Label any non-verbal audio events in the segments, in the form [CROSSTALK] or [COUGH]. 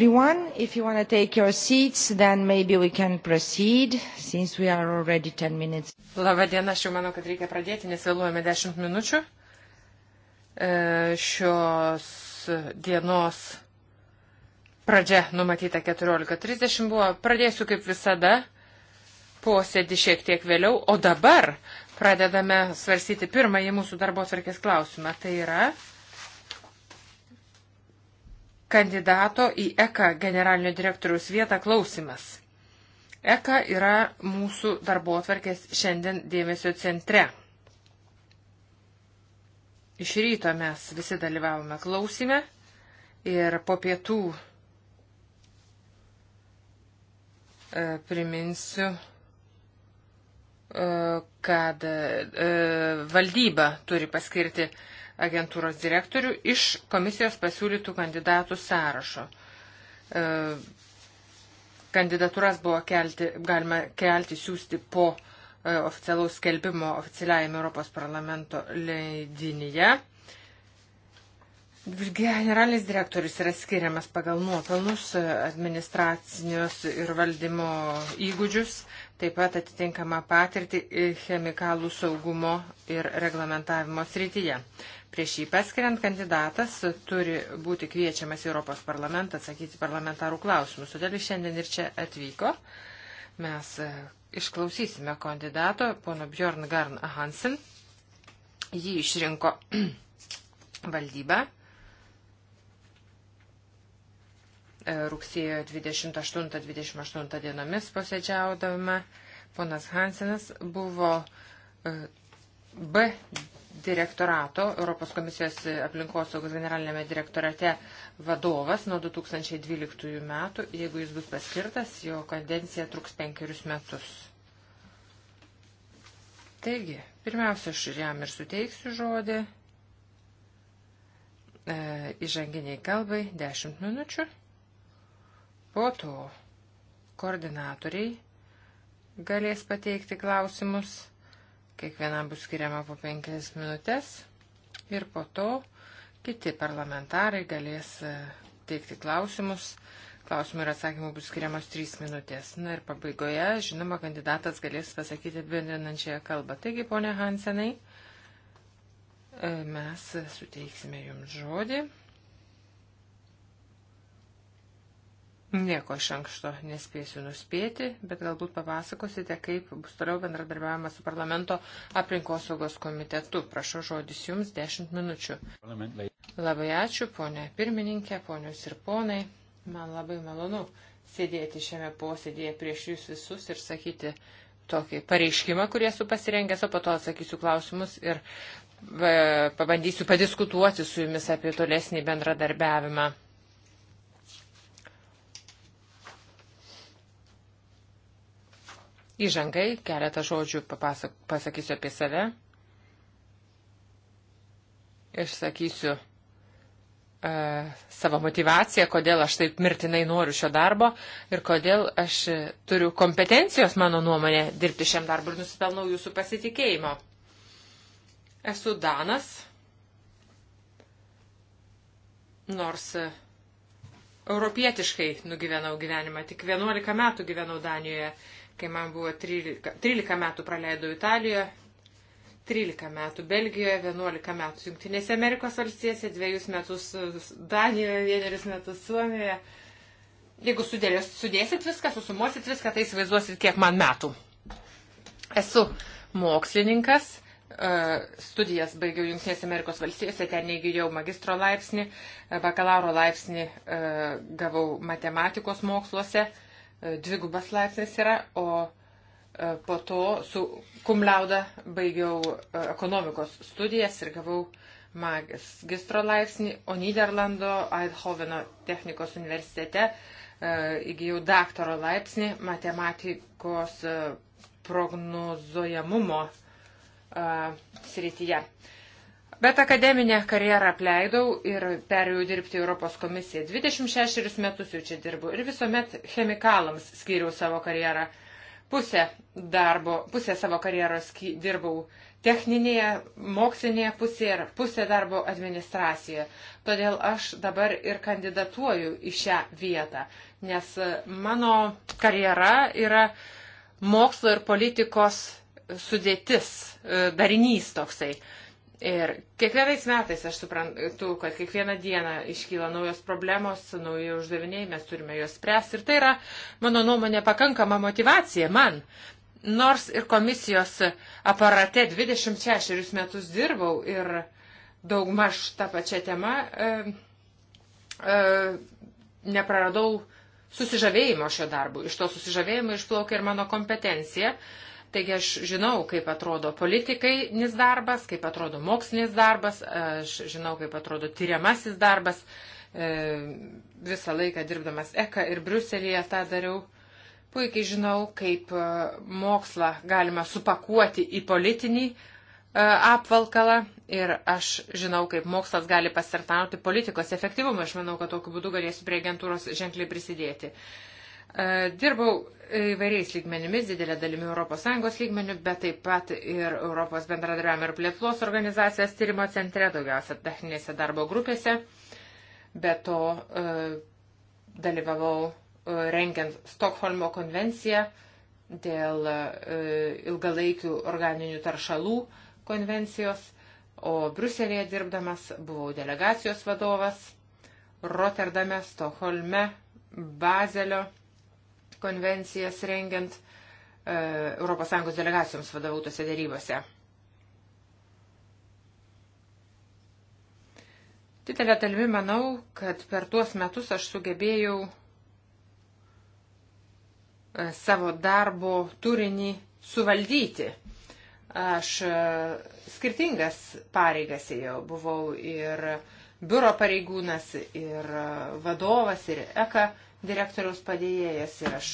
everyone. If you want to take your seats, then maybe we can proceed, since we are already 10 minutes. Labą dieną, aš jau manau, kad reikia pradėti, nes vėluojame 10 minučių. E, šios dienos pradžia numatyta 14.30 buvo. Pradėsiu kaip visada posėdį šiek tiek vėliau, o dabar pradedame svarstyti pirmąjį mūsų darbo atvarkės klausimą. Tai yra kandidato į ECA generalinio direktoriaus vietą klausimas. ECA yra mūsų darbo atvarkės šiandien dėmesio centre. Iš ryto mes visi dalyvavome klausime ir po pietų e, priminsiu, e, kad e, valdyba turi paskirti agentūros direktorių iš komisijos pasiūlytų kandidatų sąrašo. E, kandidatūras buvo kelti, galima kelti siūsti po e, oficialaus skelbimo oficialiajame Europos parlamento leidinyje. Generalinis direktorius yra skiriamas pagal nuopelnus, e, administracinius ir valdymo įgūdžius, taip pat atitinkamą patirtį chemikalų saugumo ir reglamentavimo srityje. Prieš jį paskiriant kandidatas turi būti kviečiamas Europos parlamentą atsakyti parlamentarų klausimus. Todėl jis šiandien ir čia atvyko. Mes e, išklausysime kandidato, pono Bjorn Garn Hansen. Jį išrinko [CLEARS THROAT] valdyba e, rugsėjo 28-28 dienomis posėdžiaudavome. Ponas Hansenas buvo e, B direktorato, Europos komisijos aplinkosaugos generalinėme direktorate vadovas nuo 2012 metų. Jeigu jis bus paskirtas, jo kadencija truks penkerius metus. Taigi, pirmiausia, aš jam ir suteiksiu žodį. E, įžanginiai kalbai 10 minučių. Po to koordinatoriai galės pateikti klausimus Kiekvienam bus skiriama po penkias minutės ir po to kiti parlamentarai galės e, teikti klausimus. Klausimų ir atsakymų bus skiriamos trys minutės. Na ir pabaigoje, žinoma, kandidatas galės pasakyti bendrinančiąją kalbą. Taigi, ponė Hansenai, e, mes suteiksime jums žodį. Nieko iš anksto nespėsiu nuspėti, bet galbūt papasakosite, kaip bus toliau bendradarbiavimas su parlamento aplinkosaugos komitetu. Prašau žodis jums 10 minučių. Labai ačiū, ponė pirmininkė, ponius ir ponai. Man labai malonu sėdėti šiame posėdėje prieš jūs visus ir sakyti tokį pareiškimą, kurį esu pasirengęs, o po to atsakysiu klausimus ir e, pabandysiu padiskutuoti su jumis apie tolesnį bendradarbiavimą. Įžangai keletą žodžių papasak, pasakysiu apie save. Išsakysiu e, savo motivaciją, kodėl aš taip mirtinai noriu šio darbo ir kodėl aš turiu kompetencijos, mano nuomonė, dirbti šiam darbui ir nusipelnau jūsų pasitikėjimo. Esu Danas, nors e, europietiškai nugyvenau gyvenimą, tik 11 metų gyvenau Danijoje kai man buvo 13, 13 metų praleidau Italijoje, 13 metų Belgijoje, 11 metų Junktinėse Amerikos valstijose, 2 metus Danijoje, 1 metus Suomijoje. Jeigu sudėlės, sudėsit viską, susumuosit viską, tai įsivaizduosit, kiek man metų. Esu mokslininkas, e, studijas baigiau Junktinėse Amerikos valstijose, ten įgyjau magistro laipsnį, e, bakalauro laipsnį e, gavau matematikos moksluose E, dvigubas laipsnis yra, o e, po to su kumlauda baigiau e, ekonomikos studijas ir gavau magistro laipsnį, o Niderlando Eidhoveno technikos universitete įgyjau daktaro laipsnį matematikos prognozojamumo srityje. Uh, Bet akademinę karjerą apleidau ir perėjau dirbti Europos komisiją. 26 metus jau čia dirbu ir visuomet chemikalams skyriau savo karjerą. Pusę darbo, pusę savo karjeros dirbau techninėje, mokslinėje pusėje ir pusę darbo administracijoje. Todėl aš dabar ir kandidatuoju į šią vietą, nes mano karjera yra mokslo ir politikos sudėtis, e, darinys toksai. Ir kiekvienais metais aš suprantu, kad kiekvieną dieną iškyla naujos problemos, nauji uždaviniai, mes turime juos spręsti. Ir tai yra, mano nuomonė, pakankama motivacija man. Nors ir komisijos aparate 26 metus dirbau ir daugmaž tą pačią temą e, e, nepraradau susižavėjimo šio darbu. Iš to susižavėjimo išplaukia ir mano kompetencija. E, Taigi aš žinau, kaip atrodo politikainis darbas, kaip atrodo mokslinis darbas, aš žinau, kaip atrodo tyriamasis darbas. E, visą laiką dirbdamas ECA ir Briuselėje tą dariau. Puikiai žinau, kaip e, mokslą galima supakuoti į politinį e, apvalkalą ir aš žinau, kaip mokslas gali pasirtauti politikos efektyvumą. Aš manau, kad tokiu būdu galėsiu prie agentūros ženkliai prisidėti. Uh, E, dirbau įvairiais lygmenimis, didelė dalimi ES lygmenių, bet taip pat ir Europos bendradarbiavimo ir plėtlos organizacijos tyrimo centre, daugiausia techninėse darbo grupėse. Be to e, dalyvavau e, rengiant Stokholmo konvenciją dėl ilgalaikių organinių taršalų konvencijos, o Bruselėje dirbdamas buvau delegacijos vadovas Rotterdame, Stokholme, Bazelio konvencijas rengiant ES delegacijoms vadovautose dėrybose. Didelė dalimi manau, kad per tuos metus aš sugebėjau e, savo darbo turinį suvaldyti. Aš e, skirtingas pareigas ėjau, buvau ir biuro pareigūnas, ir e, vadovas, ir eka direktoriaus padėjėjas ir aš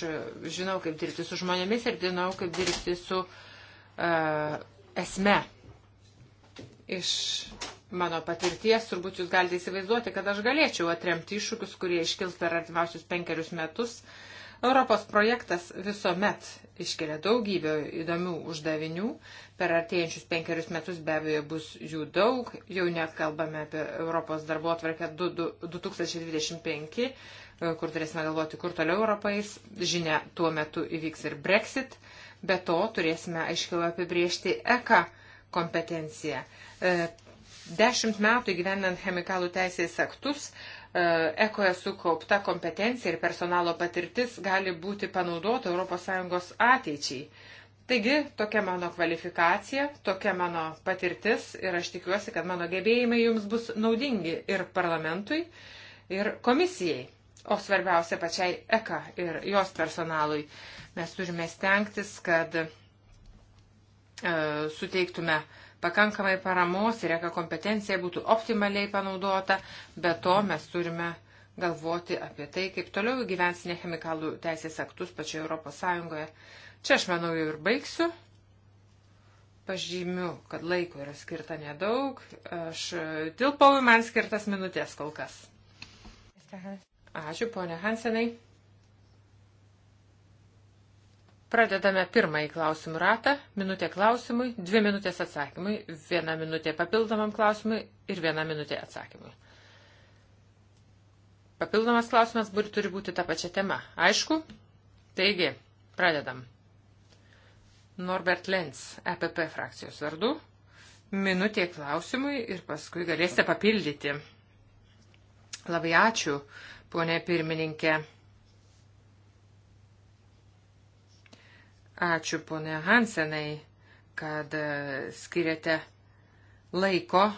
žinau, kaip dirbti su žmonėmis ir žinau, kaip dirbti su uh, esme. Iš mano patirties turbūt jūs galite įsivaizduoti, kad aš galėčiau atremti iššūkius, kurie iškils per artimiausius penkerius metus. Europos projektas visuomet iškelia daugybę įdomių uždavinių. Per artėjančius penkerius metus be abejo bus jų daug. Jau net kalbame apie Europos darbo atvarkę 2025 E, kur turėsime galvoti, kur toliau Europais. Žinia, tuo metu įvyks ir Brexit. Be to turėsime aiškiau apibriežti ECA kompetenciją. E, dešimt metų įgyvendant chemikalų teisės aktus, ekoje e sukaupta kompetencija ir personalo patirtis gali būti panaudota ES ateičiai. Taigi, tokia mano kvalifikacija, tokia mano patirtis ir aš tikiuosi, kad mano gebėjimai jums bus naudingi ir parlamentui, ir komisijai o svarbiausia pačiai ECA ir jos personalui. Mes turime stengtis, kad e, suteiktume pakankamai paramos ir ECA kompetencija būtų optimaliai panaudota, bet to mes turime galvoti apie tai, kaip toliau gyvensime chemikalų teisės aktus pačioje Europos Sąjungoje. Čia aš manau jau ir baigsiu. Pažymiu, kad laiko yra skirta nedaug. Aš tilpau į man skirtas minutės kol kas. Ačiū, ponė Hansenai. Pradedame pirmąjį klausimų ratą. Minutė klausimui, dvi minutės atsakymui, viena minutė papildomam klausimui ir viena minutė atsakymui. Papildomas klausimas turi būti ta pačia tema. Aišku? Taigi, pradedam. Norbert Lenz, EPP frakcijos vardu. Minutė klausimui ir paskui galėsite papildyti. Labai ačiū. Uh, ponė pirmininkė. Ačiū, ponė Hansenai, kad e, skiriate laiko e,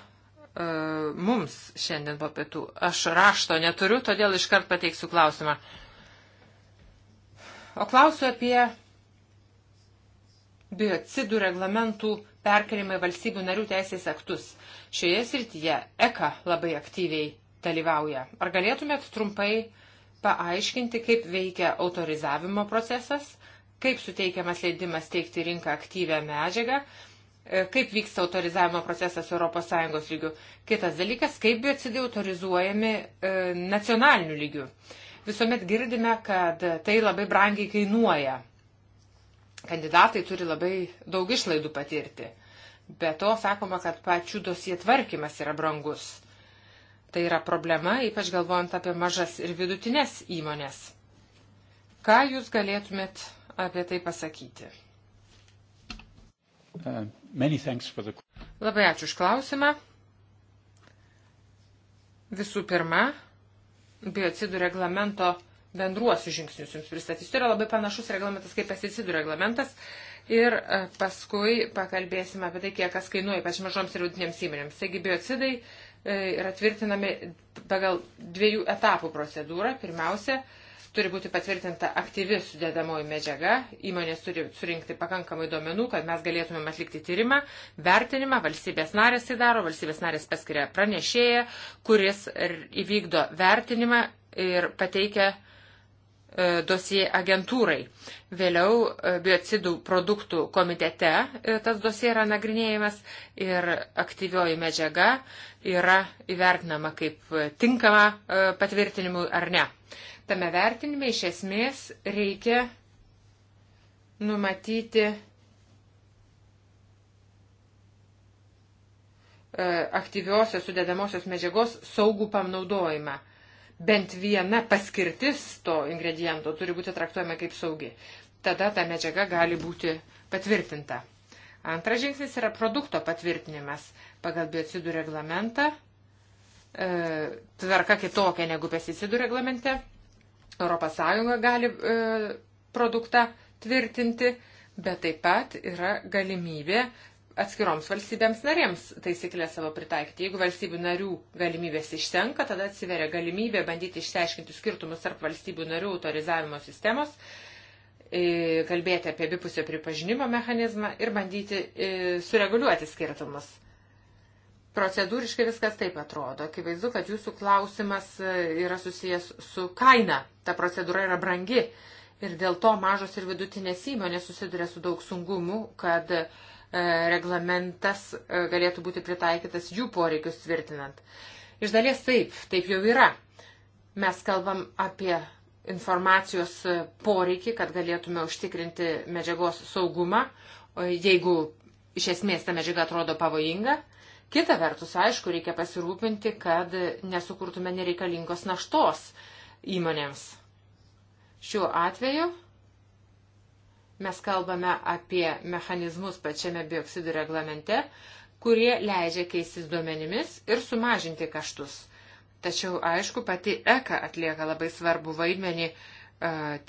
mums šiandien po pietų. Aš rašto neturiu, todėl iškart pateiksiu klausimą. O klausiu apie biocidų reglamentų perkelimą į valstybių narių teisės aktus. Šioje srityje ECA labai aktyviai dalyvauja. Ar galėtumėt trumpai paaiškinti, kaip veikia autorizavimo procesas, kaip suteikiamas leidimas teikti rinką aktyvę medžiagą, e, kaip vyksta autorizavimo procesas ES lygių. Kitas dalykas, kaip biocidai autorizuojami e, nacionaliniu lygiu. Visuomet girdime, kad tai labai brangiai kainuoja. Kandidatai turi labai daug išlaidų patirti. Be to sakoma, kad pačių dosie tvarkymas yra brangus. Tai yra problema, ypač galvojant apie mažas ir vidutinės įmonės. Ką jūs galėtumėt apie tai pasakyti? Uh, the... Labai ačiū už klausimą. Visų pirma, biocidų reglamento bendruosius žingsnius jums pristatysiu. Tai yra labai panašus reglamentas kaip pesticidų reglamentas. Ir uh, paskui pakalbėsime apie tai, kiek kas kainuoja, ypač mažoms ir vidutinėms įmonėms. Taigi biocidai E, yra tvirtinami pagal dviejų etapų procedūrą. Pirmiausia, turi būti patvirtinta aktyvi sudėdamoji medžiaga, įmonės turi surinkti pakankamai duomenų, kad mes galėtumėm atlikti tyrimą, vertinimą, valstybės narės tai daro, valstybės narės paskiria pranešėją, kuris įvykdo vertinimą ir pateikia E, dosie agentūrai. Vėliau e, biocidų produktų komitete e, tas dosie yra nagrinėjimas ir aktyvioji medžiaga yra įvertinama kaip tinkama patvirtinimui ar ne. Tame vertinime iš esmės reikia numatyti aktyviosios sudėdamosios medžiagos saugų panaudojimą bent viena paskirtis to ingrediento turi būti traktuojama kaip saugi. Tada ta medžiaga gali būti patvirtinta. Antras žingsnis yra produkto patvirtinimas. Pagal biocidų reglamentą, e, tvarka kitokia negu pesticidų reglamente, ES gali e, produktą tvirtinti, bet taip pat yra galimybė atskiroms valstybėms narėms taisyklę savo pritaikyti. Jeigu valstybių narių galimybės išsenka, tada atsiveria galimybė bandyti išsiaiškinti skirtumus tarp valstybių narių autorizavimo sistemos, e, kalbėti apie abipusio pripažinimo mechanizmą ir bandyti e, sureguliuoti skirtumus. Procedūriškai viskas taip atrodo. Akivaizdu, kad jūsų klausimas e, yra susijęs su kaina. Ta procedūra yra brangi ir dėl to mažos ir vidutinės įmonės susiduria su daug sunkumų, kad uh, E, reglamentas e, galėtų būti pritaikytas jų poreikius tvirtinant. Iš dalies taip, taip jau yra. Mes kalbam apie informacijos poreikį, kad galėtume užtikrinti medžiagos saugumą, jeigu iš esmės ta medžiaga atrodo pavojinga. Kita vertus, aišku, reikia pasirūpinti, kad nesukurtume nereikalingos naštos įmonėms. Šiuo atveju Mes kalbame apie mechanizmus pačiame bioksidų reglamente, kurie leidžia keistis duomenimis ir sumažinti kaštus. Tačiau, aišku, pati ECA atlieka labai svarbu vaidmenį e,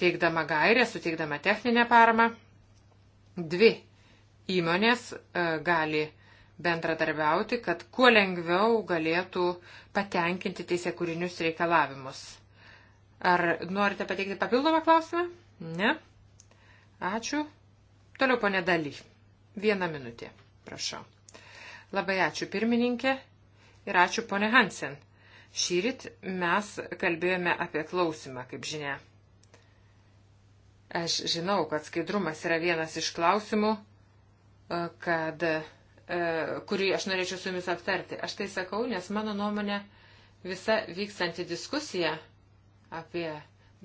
teikdama gairę, suteikdama techninę paramą. Dvi įmonės e, gali bendradarbiauti, kad kuo lengviau galėtų patenkinti teisėkūrinius reikalavimus. Ar norite pateikti papildomą klausimą? Ne. Ačiū. Toliau ponė Daly. Vieną minutę, prašau. Labai ačiū pirmininkė ir ačiū ponė Hansen. Šyrit mes kalbėjome apie klausimą, kaip žinia. Aš žinau, kad skaidrumas yra vienas iš klausimų, e, kad, e, kurį aš norėčiau su jumis aptarti. Aš tai sakau, nes mano nuomonė visa vykstanti diskusija apie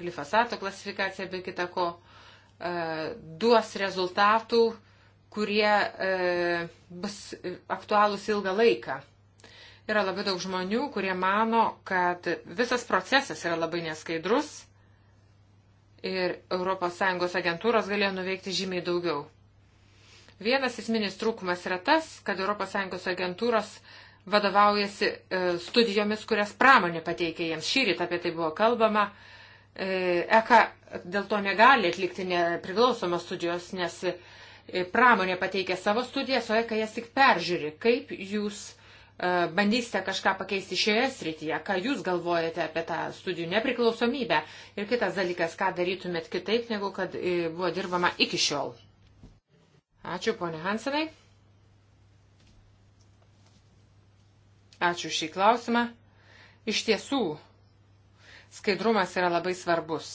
glifosato klasifikaciją bei kitą ko, E, duos rezultatų, kurie e, bus aktualūs ilgą laiką. Yra labai daug žmonių, kurie mano, kad visas procesas yra labai neskaidrus ir ES agentūros galėjo nuveikti žymiai daugiau. Vienas esminis trūkumas yra tas, kad ES agentūros vadovaujasi e, studijomis, kurias pramonė pateikė jiems. Šyrit apie tai buvo kalbama, ECA dėl to negali atlikti nepriklausomos studijos, nes e, pramonė pateikia savo studijas, o ECA jas tik peržiūri. Kaip jūs e, bandysite kažką pakeisti šioje srityje, ką jūs galvojate apie tą studijų nepriklausomybę ir kitas dalykas, ką darytumėt kitaip, negu kad e, buvo dirbama iki šiol. Ačiū, ponė Hansenai. Ačiū šį klausimą. Iš tiesų, Skaidrumas yra labai svarbus,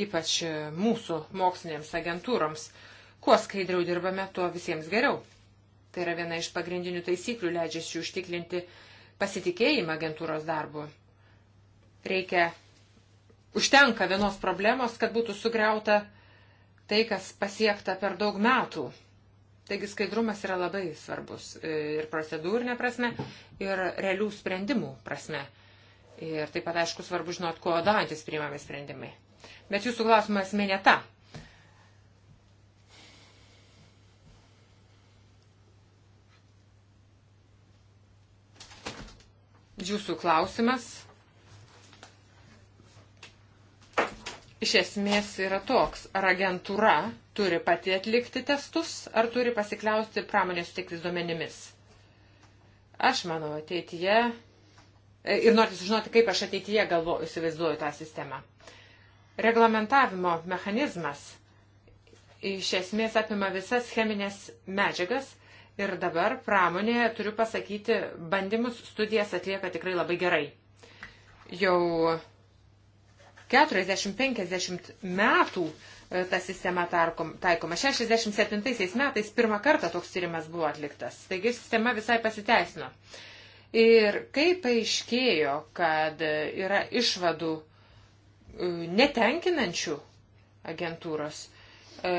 ypač mūsų mokslinėms agentūroms. Kuo skaidriau dirbame, tuo visiems geriau. Tai yra viena iš pagrindinių taisyklių leidžiasi užtikrinti pasitikėjimą agentūros darbu. Reikia, užtenka vienos problemos, kad būtų sugriauta tai, kas pasiekta per daug metų. Taigi skaidrumas yra labai svarbus e, ir procedūrinė prasme, ir realių sprendimų prasme. Ir taip pat, aišku, svarbu žinot, ko davantis priimami sprendimai. Bet jūsų klausimas esmė ne ta. Jūsų klausimas iš esmės yra toks, ar agentūra turi pati atlikti testus, ar turi pasikliausti pramonės sutiktis duomenimis. Aš manau, ateityje E, ir norite sužinoti, kaip aš ateityje galvoju, įsivaizduoju tą sistemą. Reglamentavimo mechanizmas iš esmės apima visas cheminės medžiagas ir dabar pramonėje, turiu pasakyti, bandymus studijas atlieka tikrai labai gerai. Jau 40-50 metų e, ta sistema taikoma. 67 metais pirmą kartą toks tyrimas buvo atliktas. Taigi sistema visai pasiteisino. Ir kaip paaiškėjo, kad yra išvadų e, netenkinančių agentūros, e,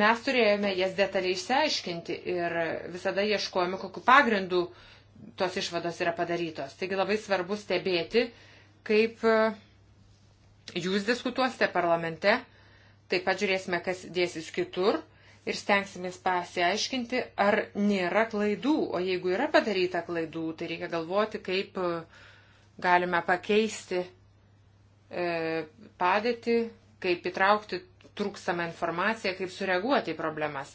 mes turėjome jas detaliai išsiaiškinti ir visada ieškojame, kokiu pagrindu tos išvados yra padarytos. Taigi labai svarbu stebėti, kaip e, jūs diskutuosite parlamente, taip pat žiūrėsime, kas dėsis kitur ir stengsimės pasiaiškinti, ar nėra klaidų, o jeigu yra padaryta klaidų, tai reikia galvoti, kaip e, galime pakeisti e, padėtį, kaip įtraukti trūksamą informaciją, kaip sureaguoti į problemas.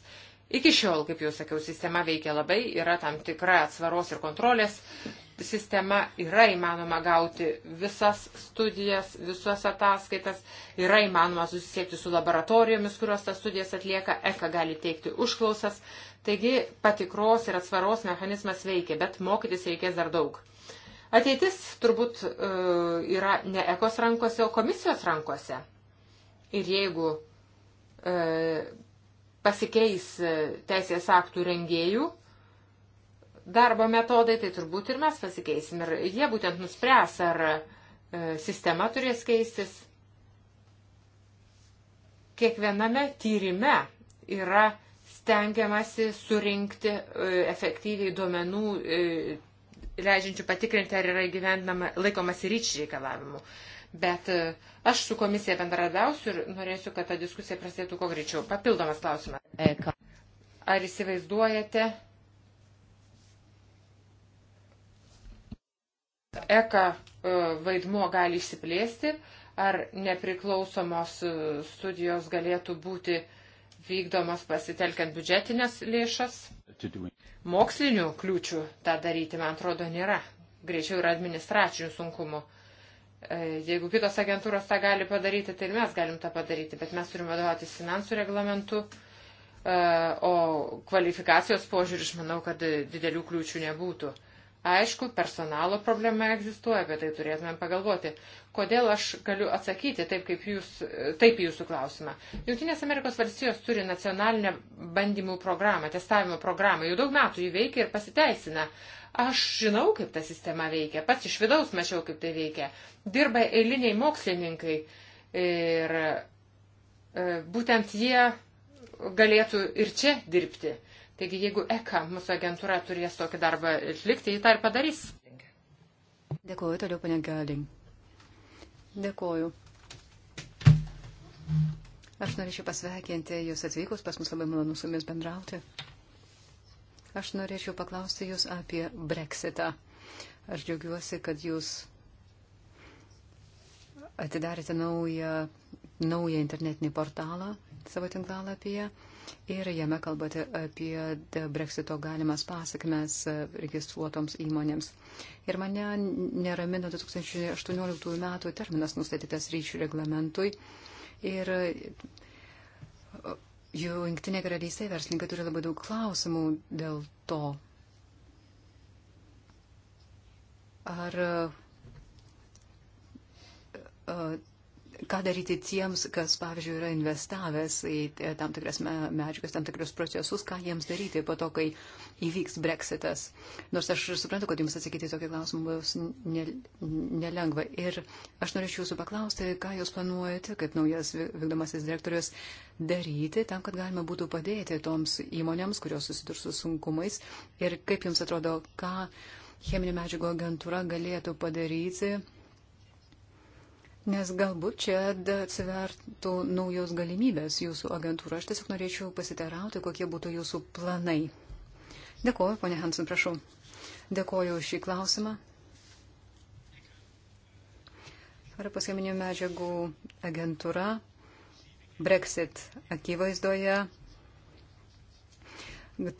Iki šiol, kaip jau sakiau, sistema veikia labai, yra tam tikra atsvaros ir kontrolės sistema yra įmanoma gauti visas studijas, visas ataskaitas, yra įmanoma susisiekti su laboratorijomis, kurios tas studijas atlieka, ECA gali teikti užklausas. Taigi patikros ir atsvaros mechanizmas veikia, bet mokytis reikės dar daug. Ateitis turbūt e, yra ne ekos rankose, o komisijos rankose. Ir jeigu e, pasikeis e, teisės aktų rengėjų, darbo metodai, tai turbūt ir mes pasikeisim. Ir jie būtent nuspręs, ar e, sistema turės keistis. Kiekviename tyrime yra stengiamasi surinkti e, efektyviai duomenų, e, leidžiančių patikrinti, ar yra įgyvendinama laikomasi ryčių reikalavimų. Bet aš su komisija bendradausiu ir norėsiu, kad ta diskusija prasidėtų kuo greičiau. Papildomas klausimas. Ar įsivaizduojate, ECA e, vaidmuo gali išsiplėsti, ar nepriklausomos e, studijos galėtų būti vykdomos pasitelkiant biudžetinės lėšas. Mokslinių kliūčių tą daryti, man atrodo, nėra. Greičiau yra administracinių sunkumų. E, jeigu kitos agentūros tą gali padaryti, tai ir mes galim tą padaryti, bet mes turime vadovautis finansų reglamentu, o kvalifikacijos požiūrį, aš manau, kad didelių kliūčių nebūtų. Aišku, personalo problema egzistuoja, apie tai turėtumėm pagalvoti. Kodėl aš galiu atsakyti taip, kaip jūs, taip jūsų klausimą? Junktinės Amerikos valstijos turi nacionalinę bandymų programą, testavimo programą, jau daug metų jį veikia ir pasiteisina. Aš žinau, kaip ta sistema veikia, pats iš vidaus mačiau, kaip tai veikia. Dirba eiliniai mokslininkai ir e, būtent jie galėtų ir čia dirbti. Taigi, jeigu ECA, mūsų agentūra, turės tokį darbą atlikti, ji tą ir padarys. Dėkuoju, toliau pane Galing. Dėkuoju. Aš norėčiau pasveikinti Jūs atvykus, pas mus labai malonu su Jumis bendrauti. Aš norėčiau paklausti Jūs apie Brexitą. Aš džiaugiuosi, kad Jūs atidarėte naują, naują internetinį portalą savo tinklalapyje ir jame kalbate apie breksito galimas pasakmes e, registruotoms įmonėms. Ir mane neramina 2018 metų terminas nustatytas ryšių reglamentui. Ir e, jungtinė karalystė verslininkai turi labai daug klausimų dėl to. Ar e, ką daryti tiems, kas, pavyzdžiui, yra investavęs į e, tam tikras medžiagas, tam tikrus procesus, ką jiems daryti po to, kai įvyks breksitas. Nors aš suprantu, kad jums atsakyti tokį klausimą bus nelengva. Ir aš norėčiau jūsų paklausti, ką jūs planuojate, kaip naujas vykdomasis direktorius, daryti tam, kad galima būtų padėti toms įmonėms, kurios susidurs su sunkumais. Ir kaip jums atrodo, ką cheminių medžiagų agentūra galėtų padaryti Nes galbūt čia atsivertų naujos galimybės jūsų agentūra. Aš tiesiog norėčiau pasiterauti, kokie būtų jūsų planai. Dėkuoju, ponė Hansen, prašau. Dėkuoju už šį klausimą. Ar paskambinių medžiagų agentūra Brexit akivaizdoje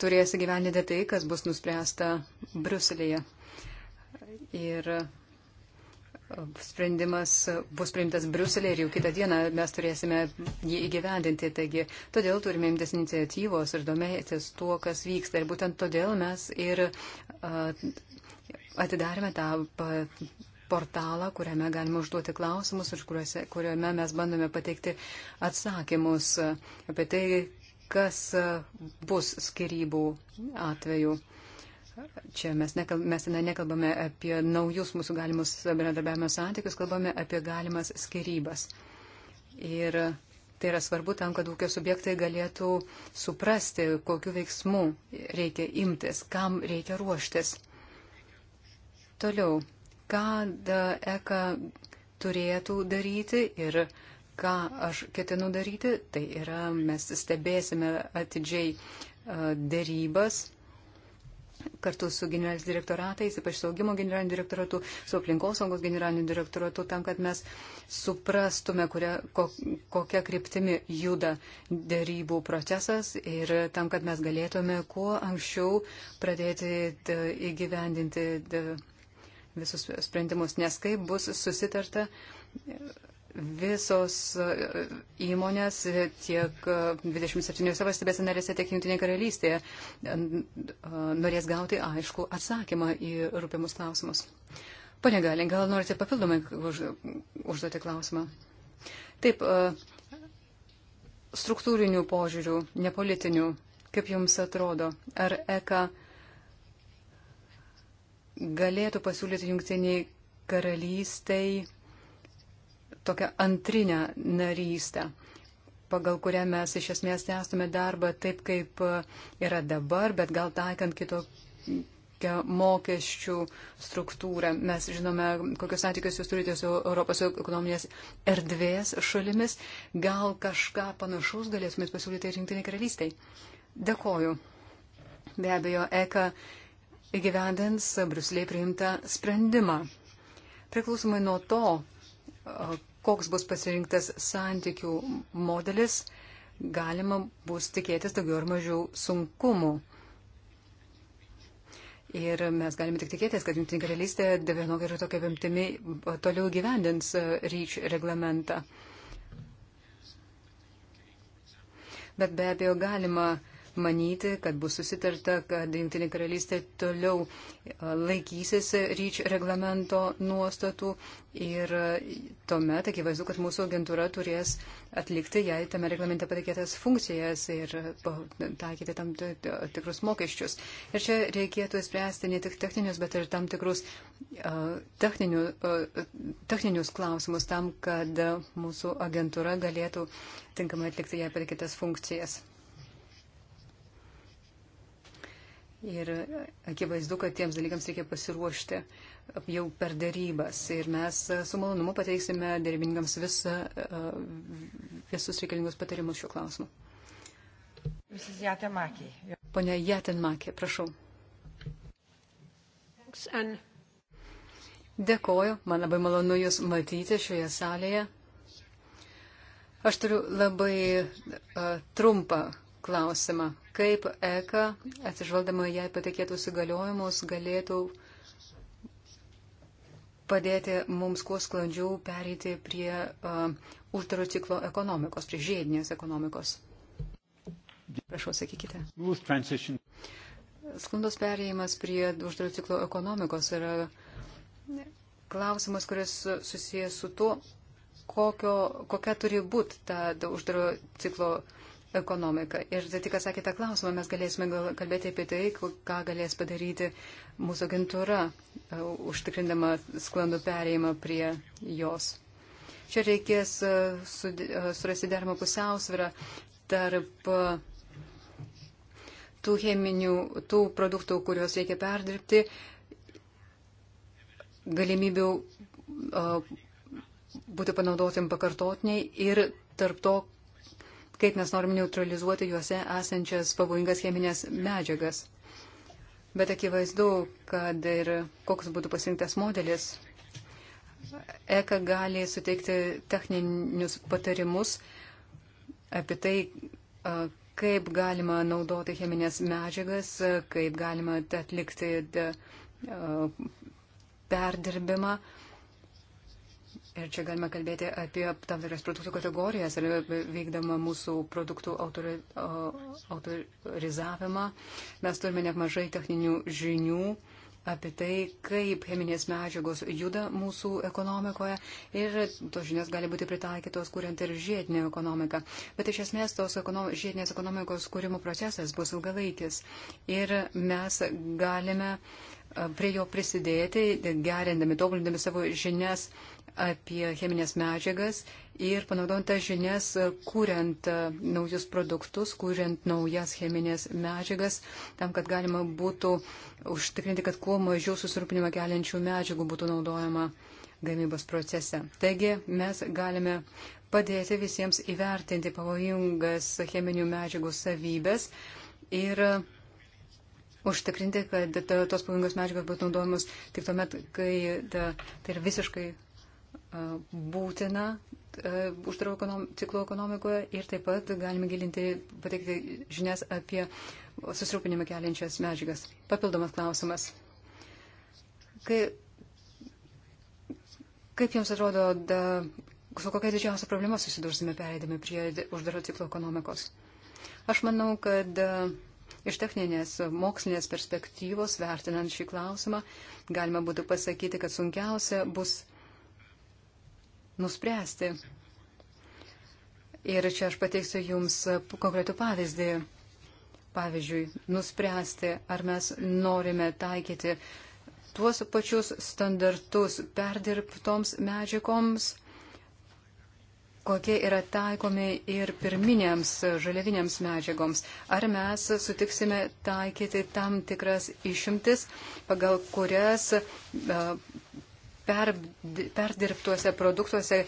turės įgyvendinti tai, kas bus nuspręsta Bruselėje. Ir sprendimas bus priimtas Briuselė ir jau kitą dieną mes turėsime jį įgyvendinti. Taigi, todėl turime imtis iniciatyvos ir domėtis tuo, kas vyksta. Ir būtent todėl mes ir atidarėme tą portalą, kuriame galime užduoti klausimus ir kuriuose, kuriame mes bandome pateikti atsakymus apie tai, kas bus skirybų atveju. Čia mes, nekal, mes nekalbame apie naujus mūsų galimus bendradarbiavimo santykius, kalbame apie galimas skirybas. Ir tai yra svarbu tam, kad ūkio subjektai galėtų suprasti, kokiu veiksmu reikia imtis, kam reikia ruoštis. Toliau, ką ECA turėtų daryti ir ką aš ketinu daryti, tai yra mes stebėsime atidžiai dėrybas kartu su generaliniais direktoratais, ypač saugimo generaliniu direktoratu, su aplinkosaugos generaliniu direktoratu, tam, kad mes suprastume, kuria, ko, kokia kryptimi juda dėrybų procesas ir tam, kad mes galėtume kuo anksčiau pradėti dė, e, įgyvendinti dė, e, visus sprendimus, nes kaip bus susitarta. Dė, visos e, įmonės e, tiek 27 e, valstybėse narėse, tiek Junktinėje karalystėje norės gauti aišku atsakymą į rūpimus klausimus. Pane Galin, gal norite papildomai už, užduoti klausimą? Taip, struktūrinių požiūrių, nepolitinių, kaip jums atrodo, ar ECA galėtų pasiūlyti Junktiniai karalystėje tokią antrinę narystę, pagal kurią mes iš esmės tęstume darbą taip, kaip yra dabar, bet gal taikant kitokią mokesčių struktūrą. Mes žinome, kokius santykius jūs turite su Europos ekonominės erdvės šalimis. Gal kažką panašaus galėtumėt pasiūlyti ir Junktiniai karalystiai. Dėkoju. Be abejo, ECA įgyvendins Bruselėje priimtą sprendimą. Priklausomai nuo to, koks bus pasirinktas santykių modelis, galima bus tikėtis daugiau ar mažiau sunkumų. Ir mes galime tik tikėtis, kad Junktinė karalystė vienokia ir tokia vimtimi toliau gyvendins e, ryč reglamentą. Bet be abejo galima uh, manyti, kad bus susitarta, kad Junktinė karalystė toliau e, laikysis ryč reglamento nuostatų ir e, tuomet akivaizdu, kad mūsų agentūra turės atlikti jai tame reglamente patikėtas funkcijas ir e, taikyti tam tikrus mokesčius. Ir čia reikėtų spręsti ne tik techninius, bet ir tam tikrus techninių, techninius klausimus tam, kad mūsų agentūra galėtų tinkamai atlikti jai patikėtas funkcijas. Ir akivaizdu, kad tiems dalykams reikia pasiruošti jau per darybas. Ir mes su malonumu pateiksime darybininkams visą, visus reikalingus patarimus šiuo klausimu. Pone Jatenmakė, prašau. Dėkoju, man labai malonu Jūs matyti šioje salėje. Aš turiu labai uh, trumpą klausimą, kaip ECA, atsižvaldama jai patikėtus įgaliojimus, galėtų padėti mums kuo sklandžiau pereiti prie uh, uždaro ciklo ekonomikos, prie žiedinės ekonomikos. Prašau, sakykite. Sklandos perėjimas prie uždaro ciklo ekonomikos yra klausimas, kuris susijęs su tuo, kokio, kokia turi būti ta uždaro ciklo ekonomika ekonomiką. Ir tai tik atsakė tą klausimą, mes galėsime kalbėti apie tai, ką galės padaryti mūsų agentūra, e, užtikrindama sklandų perėjimą prie jos. Čia reikės e, e, surasti dermą pusiausvyrą tarp tų cheminių, tų produktų, kuriuos reikia perdirbti, galimybių būti panaudotim pakartotiniai ir tarp to, kaip mes norim neutralizuoti juose esančias pavojingas cheminės medžiagas. Bet akivaizdu, kad ir koks būtų pasirinktas modelis, ECA gali suteikti techninius patarimus apie tai, kaip galima naudoti cheminės medžiagas, kaip galima atlikti perdirbimą. Uh, Ir čia galime kalbėti apie tam tikras produktų kategorijas ir veikdama mūsų produktų autori, autorizavimą. Mes turime nemažai techninių žinių apie tai, kaip cheminės medžiagos juda mūsų ekonomikoje ir tos žinios gali būti pritaikytos, kuriant ir žiedinę ekonomiką. Bet iš esmės tos ekonom... žiedinės ekonomikos kūrimo procesas bus ilgalaikis ir mes galime prie jo prisidėti, gerindami, tobulindami savo žinias apie cheminės medžiagas ir panaudojant tas žinias, kuriant e, naujus produktus, kuriant naujas cheminės medžiagas, tam, kad galima būtų užtikrinti, kad kuo mažiau susirūpinimą keliančių medžiagų būtų naudojama gamybos procese. Taigi mes galime padėti visiems įvertinti pavojingas cheminių medžiagų savybės ir užtikrinti, kad tos pavojingos medžiagos būtų naudojamos tik tuomet, kai ta, tai yra visiškai būtina uždaro ciklo ekonomikoje ir taip pat galime gilinti, pateikti žinias apie susirūpinimą keliančias medžiagas. Papildomas klausimas. Kai, kaip Jums atrodo, da, su kokia didžiausia problema susidursime pereidami prie uždaro ciklo ekonomikos? Aš manau, kad iš techninės mokslinės perspektyvos vertinant šį klausimą galima būtų pasakyti, kad sunkiausia bus nuspręsti. Ir čia aš pateiksiu Jums konkretų pavyzdį. Pavyzdžiui, nuspręsti, ar mes norime taikyti tuos pačius standartus perdirbtoms medžiagoms, kokie yra taikomi ir pirminėms žaliavinėms medžiagoms. Ar mes sutiksime taikyti tam tikras išimtis, pagal kurias per, perdirbtuose produktuose e,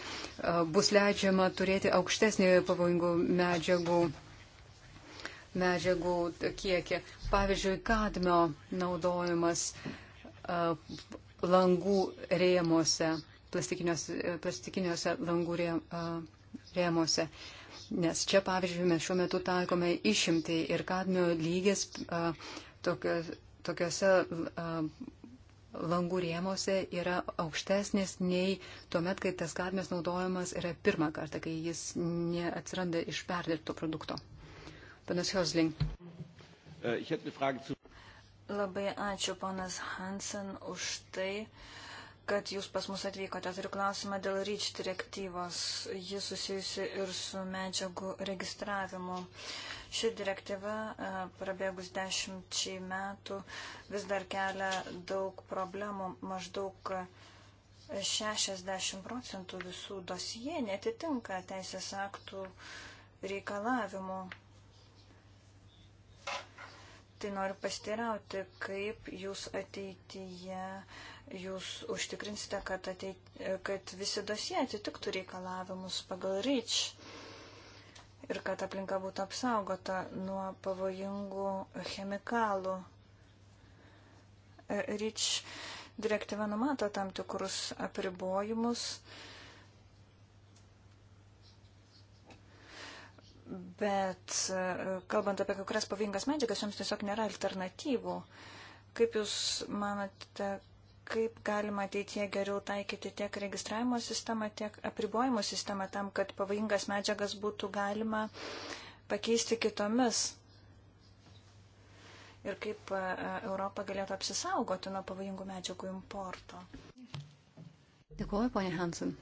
bus leidžiama turėti aukštesnį pavojingų medžiagų, medžiagų kiekį. Pavyzdžiui, kadmio naudojimas e, langų rėmose, plastikiniuose, e, plastikiniuose langų rėmose. Nes čia, pavyzdžiui, mes šiuo metu taikome išimtai ir kadmio lygis tokiuose langų rėmose yra aukštesnis nei tuomet, kai tas kadmis naudojamas yra pirmą kartą, kai jis neatsiranda iš perdirbto produkto. Panas Hosling. Äh, Labai ačiū, panas Hansen, už tai, uh, kad jūs pas mus atvykote. Turiu klausimą dėl REACH direktyvos. Ji susijusi ir su medžiagų registravimu. Ši direktyva, e, prabėgus dešimčiai metų, vis dar kelia daug problemų. Maždaug 60 procentų visų dosijė netitinka teisės aktų reikalavimų. Tai noriu pastirauti, kaip jūs ateityje uh, jūs užtikrinsite, kad, ateit, kad visi dosie atitiktų reikalavimus pagal REACH ir kad aplinka būtų apsaugota nuo pavojingų chemikalų. E, REACH direktyva numato tam tikrus apribojimus, bet e, kalbant apie kai kurias pavingas medžiagas, joms tiesiog nėra alternatyvų. Kaip Jūs manate, kaip galima ateitie geriau taikyti tiek registravimo sistemą, tiek apribojimo sistemą tam, kad pavojingas medžiagas būtų galima pakeisti kitomis. Ir kaip e, e, Europa galėtų apsisaugoti nuo pavojingų medžiagų importo. Dėkuoju, ponė Hansen.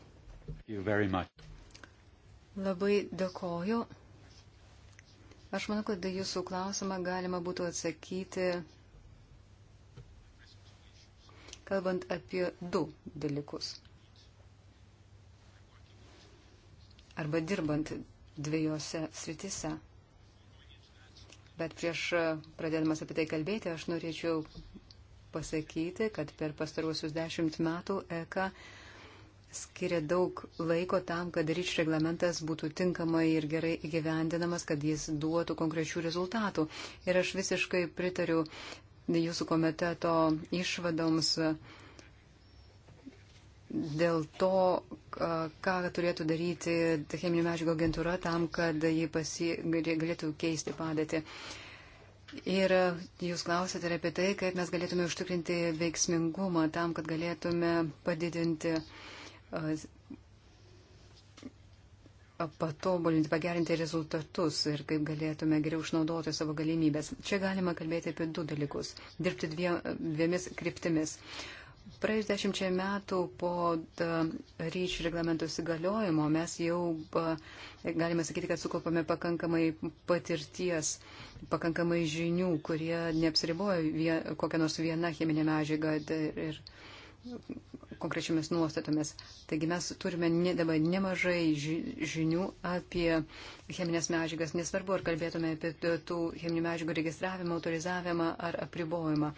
Labai dėkoju. Aš manau, kad jūsų klausimą galima būtų atsakyti kalbant apie du dalykus. Arba dirbant dviejose sritise. Bet prieš pradėdamas apie tai kalbėti, aš norėčiau pasakyti, kad per pastaruosius dešimt metų ECA skiria daug laiko tam, kad ryč reglamentas būtų tinkamai ir gerai įgyvendinamas, kad jis duotų konkrečių rezultatų. Ir aš visiškai pritariu jūsų komiteto išvadoms dėl to, ką turėtų daryti cheminių medžiagų agentūra tam, kad ji pasi... galėtų keisti padėtį. Ir jūs klausėte ir apie tai, kaip mes galėtume užtikrinti veiksmingumą tam, kad galėtume padidinti patobulinti, pagerinti rezultatus ir kaip galėtume geriau išnaudoti savo galimybės. Čia galima kalbėti apie du dalykus - dirbti dvie, dviemis kryptimis. Praėjus dešimčiai metų po ryč reglamento įsigaliojimo mes jau galime sakyti, kad sukaupame pakankamai patirties, pakankamai žinių, kurie neapsiriboja kokią nors vieną cheminę medžiagą ir, ir konkrečiamis nuostatomis. Taigi mes turime ne, dabar nemažai žinių apie cheminės medžiagas, nesvarbu, ar kalbėtume apie tų cheminių medžiagų registravimą, autorizavimą ar apribojimą.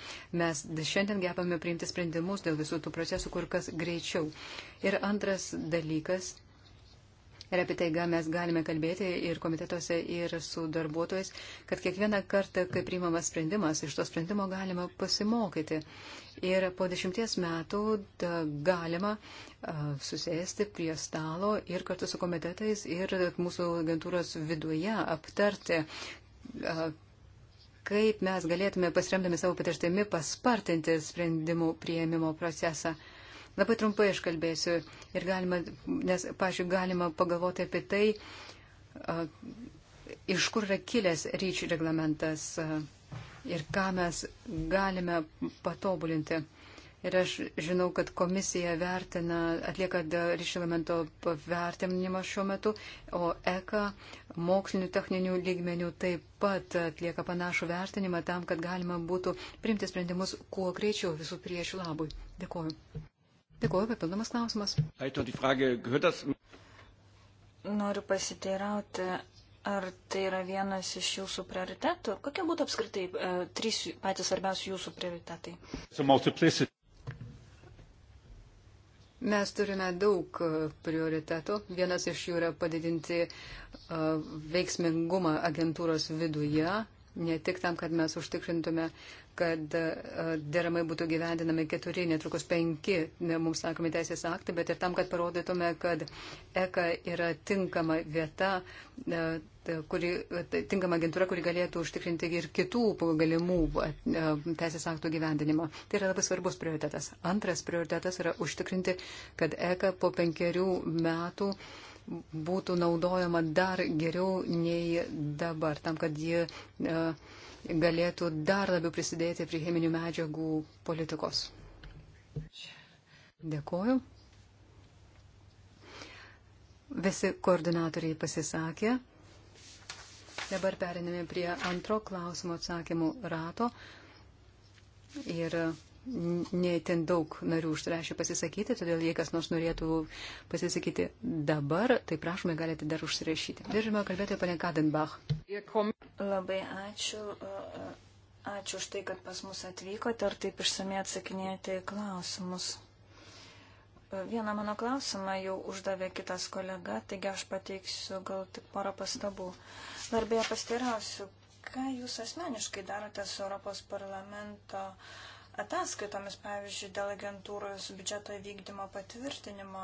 Mes šiandien gebame priimti sprendimus dėl visų tų procesų kur kas greičiau. Ir antras dalykas Ir apie tai mes galime kalbėti ir komitetuose, ir su darbuotojais, kad kiekvieną kartą, kai priimamas sprendimas, iš to sprendimo galima pasimokyti. Ir po dešimties metų da, galima a, susėsti prie stalo ir kartu su komitetais ir mūsų agentūros viduje aptarti, a, kaip mes galėtume pasiremdami savo patirtimi paspartinti sprendimų prieimimo procesą. A, Labai trumpai aš kalbėsiu ir galima, nes, pažiūrėjau, galima pagalvoti apie tai, iš kur yra kilęs ryčių reglamentas ir ką mes galime patobulinti. Ir aš žinau, kad komisija vertina, atlieka ryšių reglamento vertinimą šiuo metu, o ECA mokslinių techninių lygmenių taip pat atlieka panašų vertinimą tam, kad galima būtų primti sprendimus kuo greičiau visų priešių labui. Dėkuoju. Dėkuoju, papildomas klausimas. Noriu pasiteirauti, ar tai yra vienas iš jūsų prioritetų? Kokie būtų apskritai e, trys patys svarbiausi jūsų prioritetai? Mes turime daug e, prioritetų. Vienas iš jų yra padidinti e, veiksmingumą agentūros viduje, ne tik tam, kad mes užtikrintume, kad e, deramai būtų gyvendinami keturi, netrukus penki mums sakomi teisės aktai, bet ir tam, kad parodytume, kad ECA yra tinkama vieta, e, kuri, tinkama agentūra, kuri galėtų užtikrinti ir kitų galimų e, teisės aktų gyvendinimą. Tai yra labai svarbus prioritetas. Antras prioritetas yra užtikrinti, kad ECA po penkerių metų būtų naudojama dar geriau nei dabar, tam, kad ji uh, galėtų dar labiau prisidėti prie cheminių medžiagų politikos. Dėkoju. Visi koordinatoriai pasisakė. Dabar periname prie antro klausimo atsakymų rato. Ir neįtin daug narių užsirašė pasisakyti, todėl jei kas nors norėtų pasisakyti dabar, tai prašome, galite dar užsirašyti. Dirbime kalbėtoje pane Kadenbach. Labai ačiū. Ačiū už tai, kad pas mus atvykote ir taip išsamei atsakinėjate į klausimus. Vieną mano klausimą jau uždavė kitas kolega, taigi aš pateiksiu gal tik porą pastabų. Dar beje pastirausiu, ką jūs asmeniškai darote su Europos parlamento uh, ataskaitomis, pavyzdžiui, dėl agentūros biudžeto vykdymo patvirtinimo.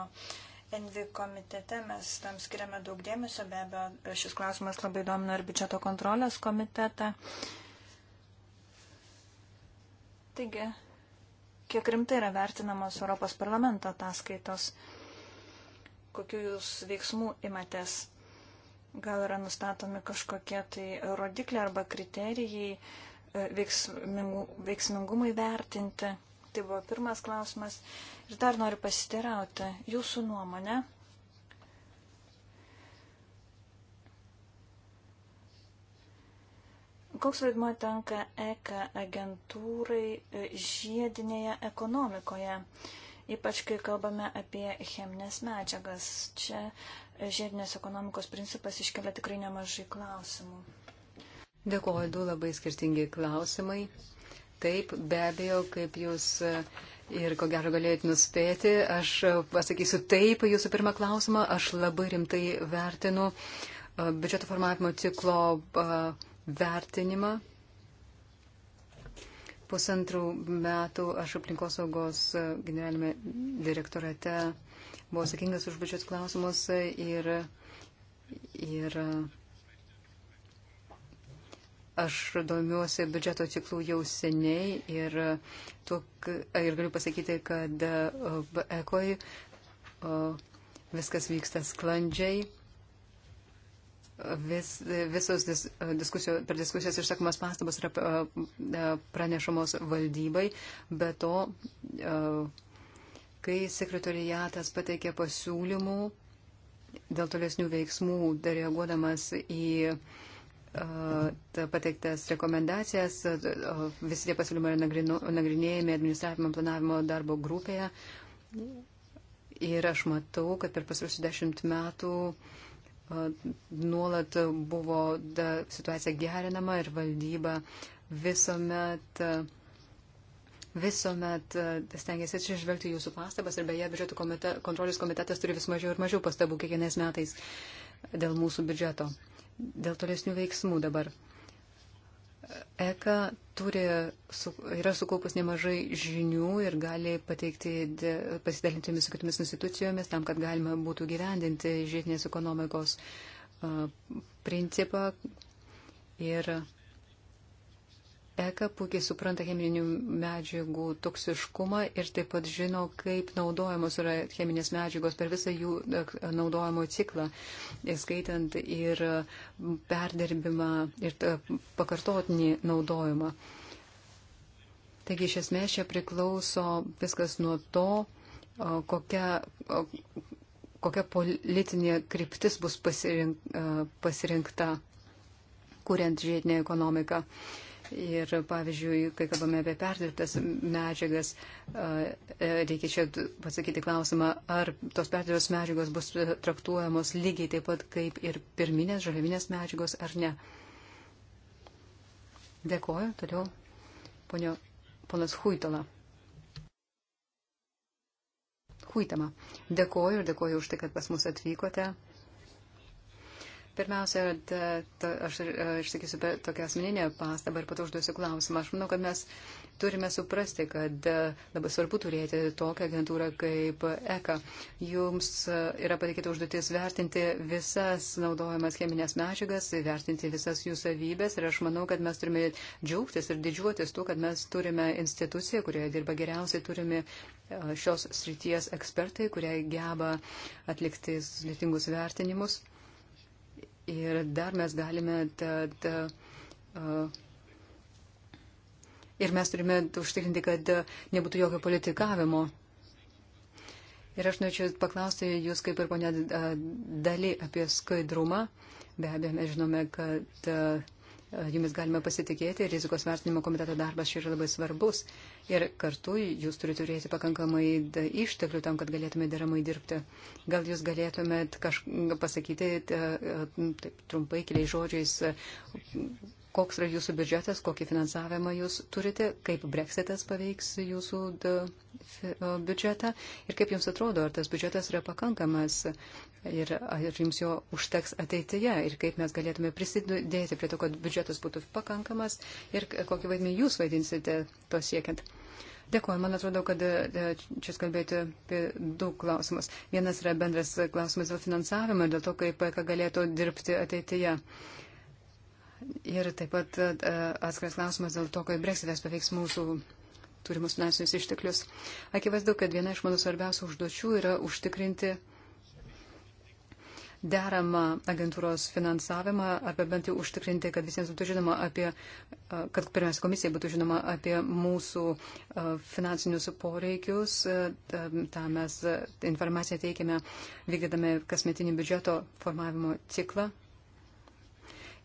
Envi komitete mes tam skiriame daug dėmesio, be abejo, šis klausimas labai domina ir biudžeto kontrolės komitetą. Taigi, kiek rimtai yra vertinamos Europos parlamento ataskaitos, kokiu jūs veiksmų imatės, gal yra nustatomi kažkokie tai rodikliai arba kriterijai, E, veiksmingumui vertinti. Tai buvo pirmas klausimas. Ir dar noriu pasiterauti jūsų nuomonę. Koks vaidmuo tenka ECA agentūrai e, žiedinėje ekonomikoje, ypač kai kalbame apie cheminės medžiagas? Čia žiedinės ekonomikos principas iškelia tikrai nemažai klausimų. Dėkuoju, du labai skirtingi klausimai. Taip, be abejo, kaip jūs e, ir ko gero galėjot nuspėti, aš e, pasakysiu taip, jūsų pirmą klausimą, aš labai rimtai vertinu e, biudžeto formavimo ciklo vertinimą. Pusantrų metų aš aplinkosaugos generalinėme direktorate buvau sakingas už biudžeto klausimus ir, ir Aš domiuosi biudžeto ciklų jau seniai ir, tuo, ir galiu pasakyti, kad e, ekoj viskas vyksta sklandžiai. Vis, visos dis, diskusijos, per diskusijas išsakomas pastabas yra e, e, pranešamos valdybai, bet to, kai sekretorijatas pateikė pasiūlymų dėl tolesnių veiksmų, reaguodamas į uh, pateiktas rekomendacijas. Visi tie pasiūlymai yra nagrinėjami administravimo planavimo darbo grupėje. Ir aš matau, kad per pasarus dešimt metų nuolat buvo da, situacija gerinama ir valdyba visuomet. Visuomet stengiasi atsižvelgti jūsų pastabas ir beje, biudžeto komite, kontrolės komitetas turi vis mažiau ir mažiau pastabų kiekvienais metais dėl mūsų biudžeto. Uh, dėl tolesnių veiksmų dabar. ECA turi, su, yra sukaupus nemažai žinių ir gali pateikti, pasidalinti jomis su kitomis institucijomis tam, kad galima būtų gyvendinti žiedinės ekonomikos e, principą. Ir ECA puikiai supranta cheminių medžiagų toksiškumą ir taip pat žino, kaip naudojamos yra cheminės medžiagos per visą jų e, naudojimo ciklą, skaitant ir perdirbimą ir e, pakartotinį naudojimą. Taigi iš esmės čia priklauso viskas nuo to, e, kokia, kokia politinė kryptis bus pasirink, pasirinkta, kuriant žiedinę ekonomiką. Uh, Ir pavyzdžiui, kai kalbame apie perdirbtas medžiagas, e, reikia čia pasakyti klausimą, ar tos perdirbtos medžiagos bus traktuojamos lygiai taip pat kaip ir pirminės žaliavinės medžiagos ar ne. Dėkoju, toliau ponio, ponas Huitala. Huitama. Dėkoju ir dėkoju už tai, kad pas mus atvykote. Pirmiausia, aš e, išsakysiu tokią asmeninę pastabą ir pat užduosiu klausimą. Aš manau, kad mes turime suprasti, kad e, labai svarbu turėti tokią agentūrą kaip ECA. Jums e, yra patikėta užduotis vertinti visas naudojamas cheminės medžiagas, vertinti visas jų savybės ir aš manau, kad mes turime džiaugtis ir didžiuotis tuo, kad mes turime instituciją, kurioje dirba geriausiai turime šios srities ekspertai, kurie geba atlikti sudėtingus vertinimus. Ir dar mes galime tad. Uh, ir mes turime užtikrinti, kad nebūtų jokio politikavimo. Ir aš norėčiau paklausti jūs, kaip ir ponia Dali, apie skaidrumą. Be abejo, mes žinome, kad uh, Jumis galime pasitikėti, rizikos vertinimo komiteto darbas čia yra labai svarbus ir kartu jūs turite turėti pakankamai išteklių tam, kad galėtume deramai dirbti. Gal jūs galėtumėt kažką pasakyti e, e, taip, trumpai keliais žodžiais, koks yra jūsų biudžetas, kokį finansavimą jūs turite, kaip breksitas paveiks jūsų biudžetą ir kaip jums atrodo, ar tas biudžetas yra pakankamas ir ar jums jo užteks ateityje ir kaip mes galėtume prisidėti prie to, kad biudžetas būtų pakankamas ir kokį vaidmenį jūs vaidinsite to siekiant. Dėkuoju, man atrodo, kad e, čia kalbėti apie daug klausimus. Vienas yra bendras klausimas dėl finansavimo ir dėl to, kaip PK galėtų dirbti ateityje. Ir taip pat e, e, atskiras klausimas dėl to, kaip breksitas paveiks mūsų turimus finansinius išteklius. Akivaizdu, kad viena iš mano svarbiausių užduočių yra užtikrinti deramą agentūros finansavimą arba bent jau užtikrinti, kad visiems būtų žinoma apie, e, kad pirmiausia komisija būtų žinoma apie mūsų finansinius poreikius. Ta mes informaciją teikiame vykdydami kasmetinį biudžeto formavimo ciklą.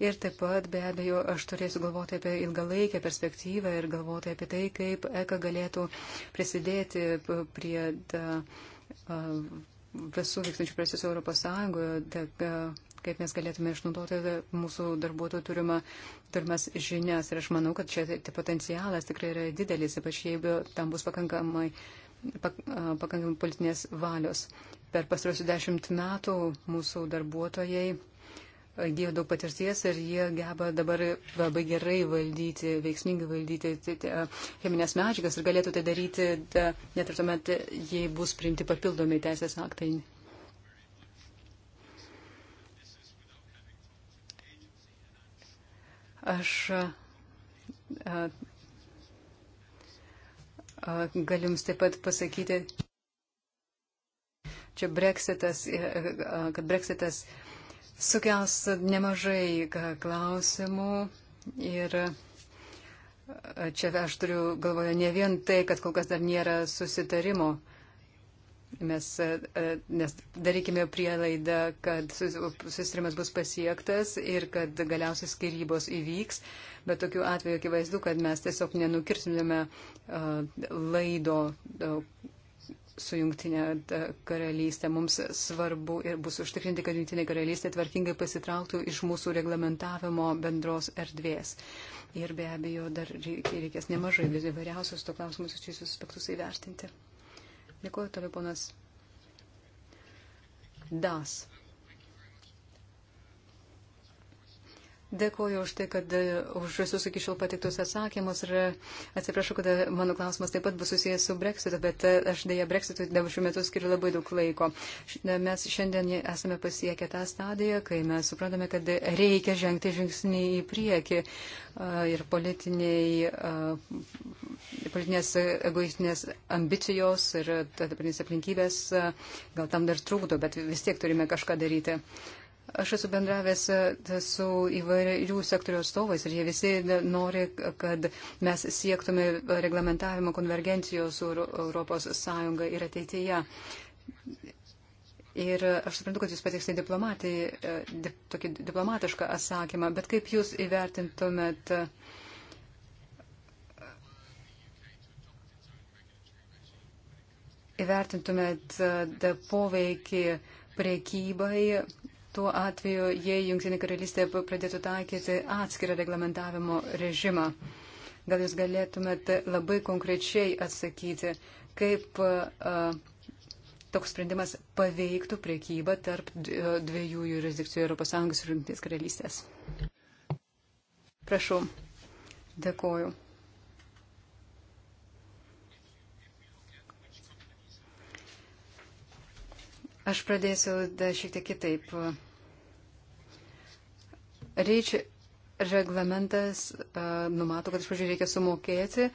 Ir taip pat, be abejo, aš turėsiu galvoti apie ilgalaikę perspektyvą ir galvoti apie tai, kaip ECA galėtų prisidėti prie da, visų vykstančių procesų Europos Sąjungoje, da, kaip mes galėtume išnaudoti mūsų darbuotojų turimą, turimas žinias. Ir aš manau, kad čia tai potencialas tikrai yra didelis, ypač jeigu tam bus pakankamai, pak, pakankamai politinės valios. Per pastarosius dešimt metų mūsų darbuotojai įgyjo daug patirties ir jie geba dabar labai gerai valdyti, veiksmingai valdyti cheminės medžiagas ir galėtų tai daryti net ir tuomet, jei bus priimti papildomi teisės aktai. Aš galiu jums taip pat pasakyti, čia breksitas, e, e, kad breksitas sukels nemažai klausimų ir e, čia aš turiu galvoje ne vien tai, kad kol kas dar nėra susitarimo. Mes, e, e, nes darykime prielaidą, kad susitarimas bus pasiektas ir kad galiausiai skirybos įvyks, bet tokiu atveju akivaizdu, kad mes tiesiog nenukirsime laido su Junktinė e, karalystė. Mums svarbu ir bus užtikrinti, kad Junktinė karalystė tvarkingai pasitrauktų iš mūsų reglamentavimo bendros erdvės. Ir be abejo, dar reikės nemažai vis įvairiausius to klausimus susijusius aspektus įvertinti. Dėkuoju toliau, ponas Das. Dėkuoju už tai, kad už visus iki šiol patiktus atsakymus ir atsiprašau, kad mano klausimas taip pat bus susijęs su breksitu, bet aš dėja breksitui dabar šiuo metu skiriu labai daug laiko. Mes šiandien esame pasiekę tą stadiją, kai mes suprantame, kad reikia žengti žingsnį į priekį ir politiniai, politinės egoistinės ambicijos ir dabartinės aplinkybės gal tam dar trukdo, bet vis tiek turime kažką daryti. Aš esu bendravęs e, su įvairių sektorių atstovais ir jie visi e, nori, kad mes siektume reglamentavimo konvergencijos su ES ir ateityje. Ir aš suprantu, kad jūs pateiksite di, e, tokį diplomatišką atsakymą, bet kaip jūs įvertintumėt įvertintumėt poveikį priekybai tuo atveju, jei Junktinė karalystė pradėtų taikyti atskirą reglamentavimo režimą. Gal jūs galėtumėte labai konkrečiai atsakyti, kaip a, toks sprendimas paveiktų priekybą tarp dviejų jurisdikcijų ES ir Junktinės karalystės? Prašau. Dėkoju. Aš pradėsiu šiek tiek kitaip Reič reglamentas uh, numato, kad iš pradžių reikia sumokėti,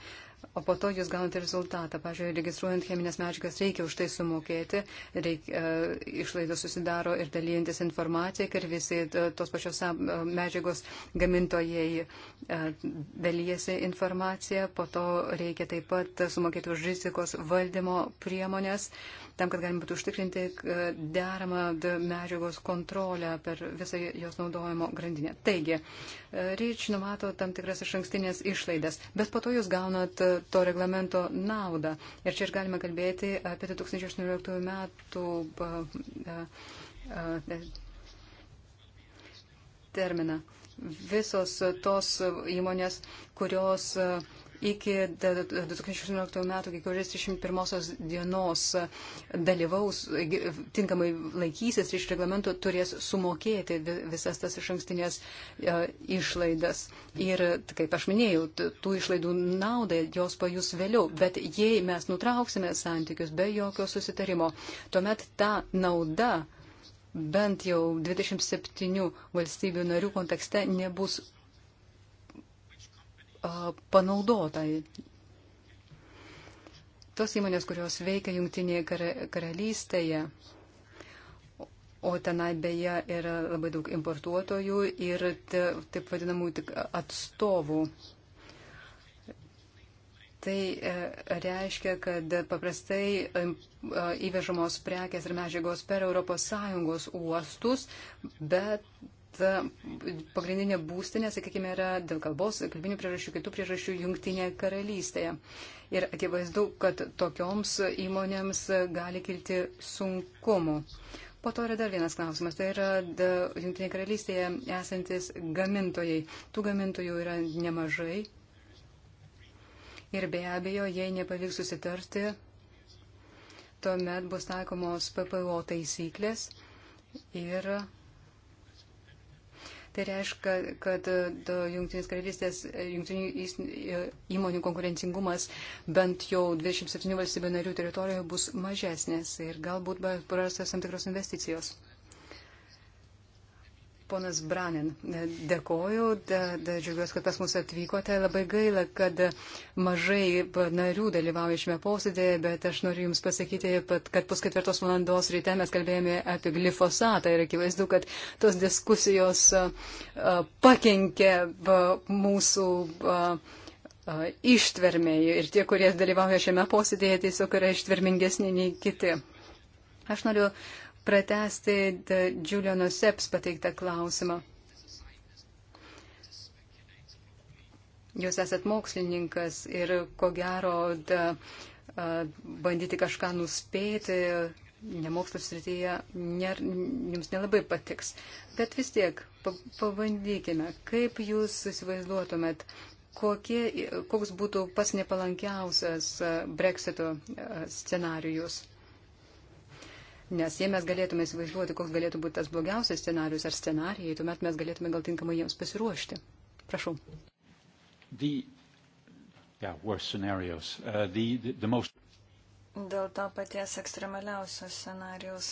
o po to jūs gaunate rezultatą. Pavyzdžiui, registruojant cheminės medžiagas reikia už tai sumokėti, reik, uh, išlaidos susidaro ir dalyjantis informaciją, kad visi uh, tos pačios uh, medžiagos gamintojai uh, dalyjasi informaciją, po to reikia taip pat sumokėti už rizikos valdymo priemonės. Uh, tam, kad galima būtų užtikrinti e, deramą medžiagos kontrolę per visą jos naudojimo grandinę. Taigi, e, ryč numato tam tikras iš ankstinės išlaidas, bet po to jūs gaunat e, to reglamento naudą. Ir čia ir galime kalbėti apie 2018 metų terminą. Visos tos įmonės, kurios uh, iki 2018 metų gegužės 31 dienos dalyvaus, tinkamai laikysis iš reglamento, turės sumokėti visas tas iš ankstinės e, išlaidas. Ir, kaip aš minėjau, tų išlaidų naudą jos pajus vėliau. Bet jei mes nutrauksime santykius be jokio susitarimo, tuomet ta nauda bent jau 27 valstybių narių kontekste nebus panaudota. Tos įmonės, kurios veikia Junktinėje karalystėje, o tenai beje yra labai daug importuotojų ir taip vadinamų tik atstovų. Tai e, reiškia, kad paprastai e, įvežamos prekes ir medžiagos per ES uostus, bet E, pagrindinė būstinė, sakykime, yra dėl kalbos, kalbinių priežasčių, kitų priežasčių jungtinėje karalystėje. Ir akivaizdu, kad tokioms įmonėms gali kilti sunkumų. Po to yra dar vienas klausimas. Tai yra Junktinė karalystėje esantis gamintojai. Tų gamintojų yra nemažai. Ir be abejo, jei nepavyks susitarti, tuomet bus taikomos PPO taisyklės ir Tai reiškia, kad e, Junktinės karalystės e, jungtinių e, įmonių konkurencingumas bent jau 27 valstybių narių teritorijoje bus mažesnės ir galbūt prarastas tam tikros investicijos. Ponas Branin, dėkoju, džiaugiuosi, kad pas mus atvykote. Labai gaila, kad mažai narių dalyvauja šiame posėdėje, bet aš noriu Jums pasakyti, kad pus ketvirtos valandos ryte mes kalbėjome apie glifosatą ir akivaizdu, kad tos diskusijos pakenkė mūsų ištvermėjai ir tie, kurie dalyvauja šiame posėdėje, tiesiog yra ištvermingesni nei kiti. Aš noriu pratesti Giuliano Seps pateiktą klausimą. Jūs esat mokslininkas ir ko gero da, bandyti kažką nuspėti nemokslo srityje ne, jums nelabai patiks. Bet vis tiek pa, pabandykime, kaip jūs įsivaizduotumėt, kokie, koks būtų pas nepalankiausias Brexito scenarijus. Nes jei mes galėtume įsivaizduoti, koks galėtų būti tas blogiausias scenarius ar scenarijai, tuomet mes galėtume gal tinkamai jiems pasiruošti. Prašau. The, yeah, uh, the, the, the most... Dėl to paties ekstremaliausio scenarius.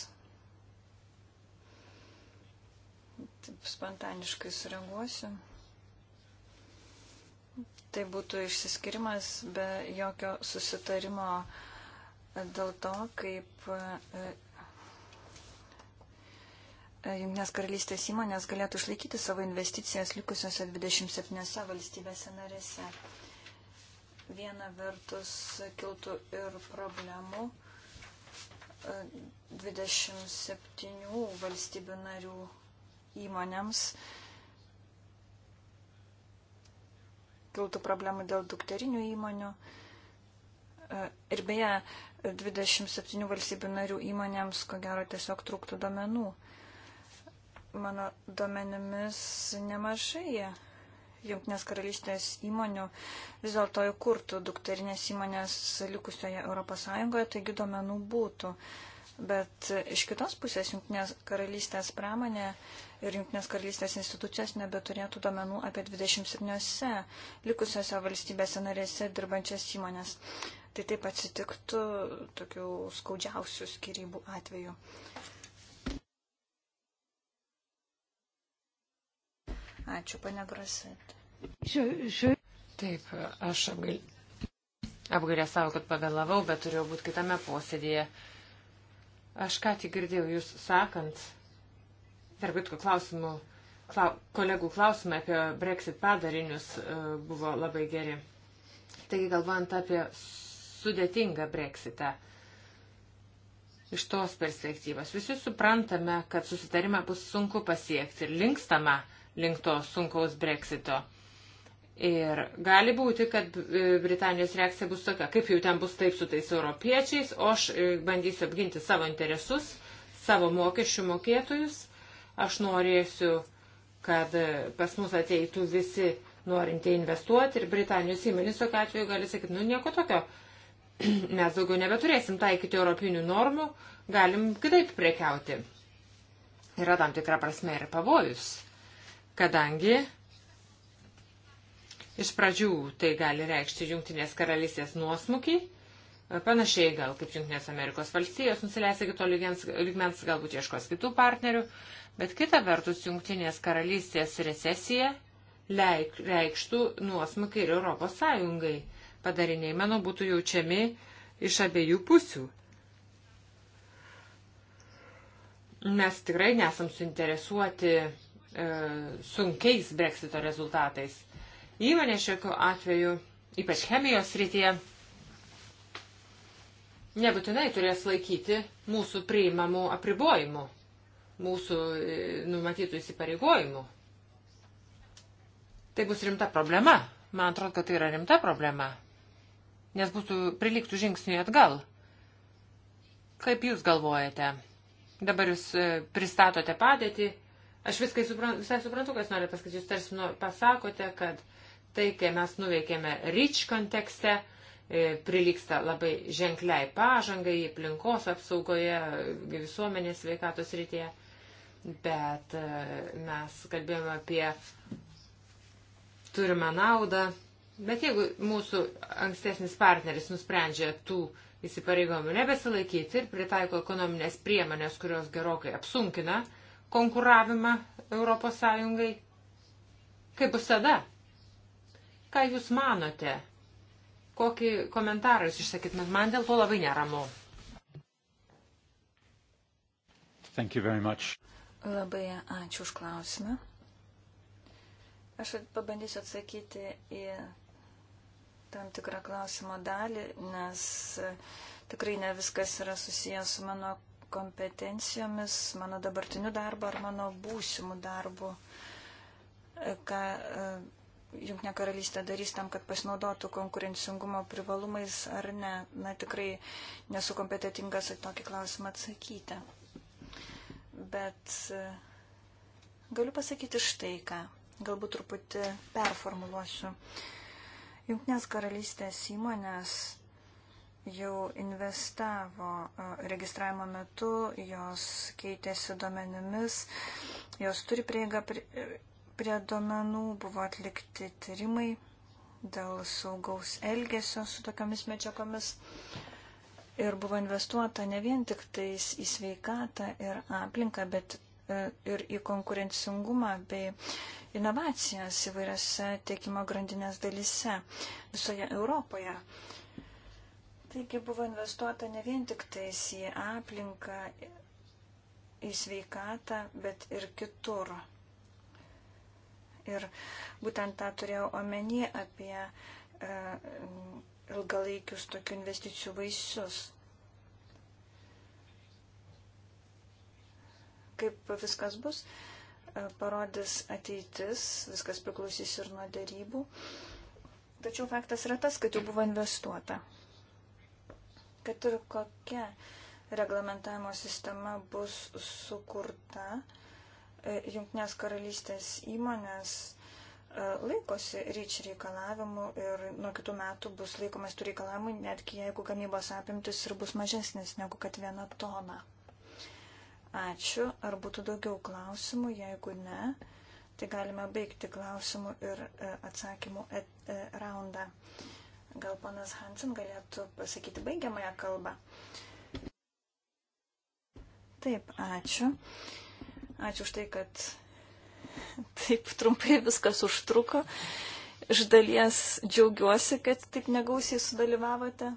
Taip spontaniškai sureaguosiu. Tai būtų išsiskirimas be jokio susitarimo dėl to, kaip E, Junknės karalystės įmonės galėtų išlaikyti savo investicijas likusiuose 27 valstybėse narėse. Viena vertus kiltų ir problemų 27 e, valstybių narių įmonėms. Kiltų problemų dėl dukterinių įmonių. E, ir beje, 27 valstybių narių įmonėms, ko gero, tiesiog trūktų domenų mano duomenimis nemažai Junktinės karalystės įmonių vis dėlto įkurtų dukterinės įmonės likusioje ES, taigi duomenų būtų. Bet iš kitos pusės Junktinės karalystės pramonė ir Junktinės karalystės institucijos nebeturėtų duomenų apie 27 likusiose valstybėse narėse dirbančias įmonės. Tai taip atsitiktų tokių skaudžiausių skirybų atveju. Ačiū, pane Grosit. Taip, aš apgailę savo, kad pavėlavau, bet turėjau būti kitame posėdėje. Aš ką tik girdėjau jūs sakant, tarp kitko klausimų, klau, kolegų klausimai apie Brexit padarinius uh, buvo labai geri. Taigi, galvojant apie sudėtingą Brexitą, iš tos perspektyvos, visi suprantame, kad susitarimą bus sunku pasiekti ir linkstama uh, link to sunkaus breksito. Ir gali būti, kad e, Britanijos reakcija bus tokia, kaip jau ten bus taip su tais europiečiais, o aš e, bandysiu apginti savo interesus, savo mokesčių mokėtojus. Aš norėsiu, kad e, pas mus ateitų visi norintieji investuoti ir Britanijos įmonės tokiu atveju gali sakyti, nu nieko tokio, [CLEARS THROAT] mes daugiau nebeturėsim taikyti europinių normų, galim kitaip prekiauti. Yra tam tikra prasme ir pavojus kadangi iš pradžių tai gali reikšti Junktinės karalystės nuosmukį, panašiai gal kaip Junktinės Amerikos valstijos nusileis iki to lygmens, galbūt ieškos kitų partnerių, bet kita vertus Junktinės karalystės recesija leik, reikštų nuosmukį ir Europos Sąjungai. Padariniai, manau, būtų jaučiami iš abiejų pusių. Mes tikrai nesam suinteresuoti E, sunkiais breksito rezultatais. Įmonė šiokiu atveju, ypač chemijos srityje, nebūtinai turės laikyti mūsų priimamų apribojimų, mūsų e, numatytų įsipareigojimų. Tai bus rimta problema. Man atrodo, kad tai yra rimta problema. Nes būtų priliktų žingsniui atgal. Kaip jūs galvojate? Dabar jūs e, pristatote padėtį Aš viskai suprantu, visai suprantu, kas nori pasakyti. Jūs tarsi nu, pasakote, kad tai, kai mes nuveikėme ryč kontekste, e, prilyksta labai ženkliai pažangai aplinkos apsaugoje, visuomenės sveikatos rytyje. Bet e, mes kalbėjome apie turimą naudą. Bet jeigu mūsų ankstesnis partneris nusprendžia tų įsipareigojimų nebesilaikyti ir pritaiko ekonominės priemonės, kurios gerokai apsunkina, uh, konkuravimą Europos Sąjungai? Kaip bus tada? Ką Jūs manote? Kokį komentarą Jūs išsakytumėt? Man dėl to labai neramu. Labai ačiū už klausimą. Aš pabandysiu atsakyti į tam tikrą klausimo dalį, nes tikrai ne viskas yra susijęs su mano kompetencijomis, mano dabartiniu darbu ar mano būsimu darbu, e, ką e, Junknė karalystė darys tam, kad pasinaudotų konkurencingumo privalumais ar ne. Na tikrai nesu kompetitingas į tokį klausimą atsakyti. Bet e, galiu pasakyti štai ką. Galbūt truputį performuluosiu. Junknės karalystės įmonės jau investavo e, registravimo metu, jos keitėsi duomenimis, jos turi prieigą prie, e, prie duomenų, buvo atlikti tyrimai dėl saugaus elgesio su tokiamis medžiagomis. Ir buvo investuota ne vien tik tais į sveikatą ir aplinką, bet e, ir į konkurencingumą bei inovacijas įvairiose tiekimo grandinės dalise visoje Europoje. Taigi buvo investuota ne vien tik tais į aplinką, į sveikatą, bet ir kitur. Ir būtent tą turėjau omeny apie e, ilgalaikius tokių investicijų vaisius. Kaip viskas bus, e, parodys ateitis, viskas priklausys ir nuo darybų. Tačiau faktas yra tas, kad jau buvo investuota kad ir kokia reglamentavimo sistema bus sukurta, e, Junktinės karalystės įmonės e, laikosi ryč reikalavimų ir nuo kitų metų bus laikomas tų reikalavimų, netgi jeigu gamybos apimtis ir bus mažesnis negu kad viena tona. Ačiū. Ar būtų daugiau klausimų? Jeigu ne, tai galime baigti klausimų ir e, atsakymų raundą. Gal panas Hansen galėtų pasakyti baigiamąją kalbą? Taip, ačiū. Ačiū už tai, kad taip trumpai viskas užtruko. Iš dalies džiaugiuosi, kad taip negausiai sudalyvavote.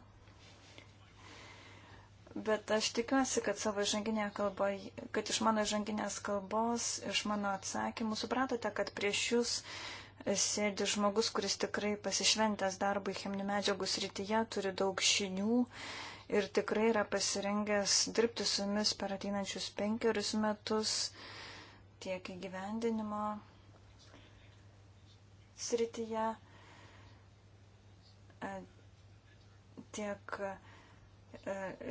Bet aš tikiuosi, kad savo žanginėje kalboje, kad iš mano žanginės kalbos, iš mano atsakymų supratote, kad prieš jūs sėdi žmogus, kuris tikrai pasišventęs darbui cheminių medžiagų srityje, turi daug žinių ir tikrai yra pasirengęs dirbti su jumis per ateinančius penkerius metus tiek įgyvendinimo srityje, e, tiek e,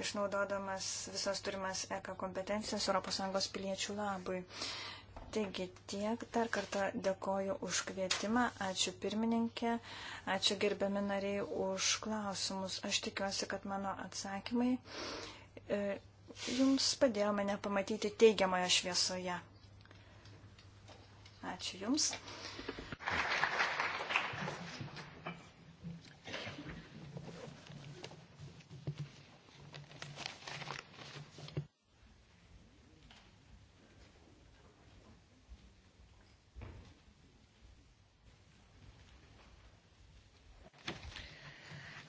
išnaudodamas visas turimas ECA kompetencijas ES piliečių labui. Taigi tiek, dar kartą dėkoju už kvietimą, ačiū pirmininkė, ačiū gerbiami nariai už klausimus. Aš tikiuosi, kad mano atsakymai e, jums padėjo mane pamatyti teigiamoje šviesoje. Ačiū jums.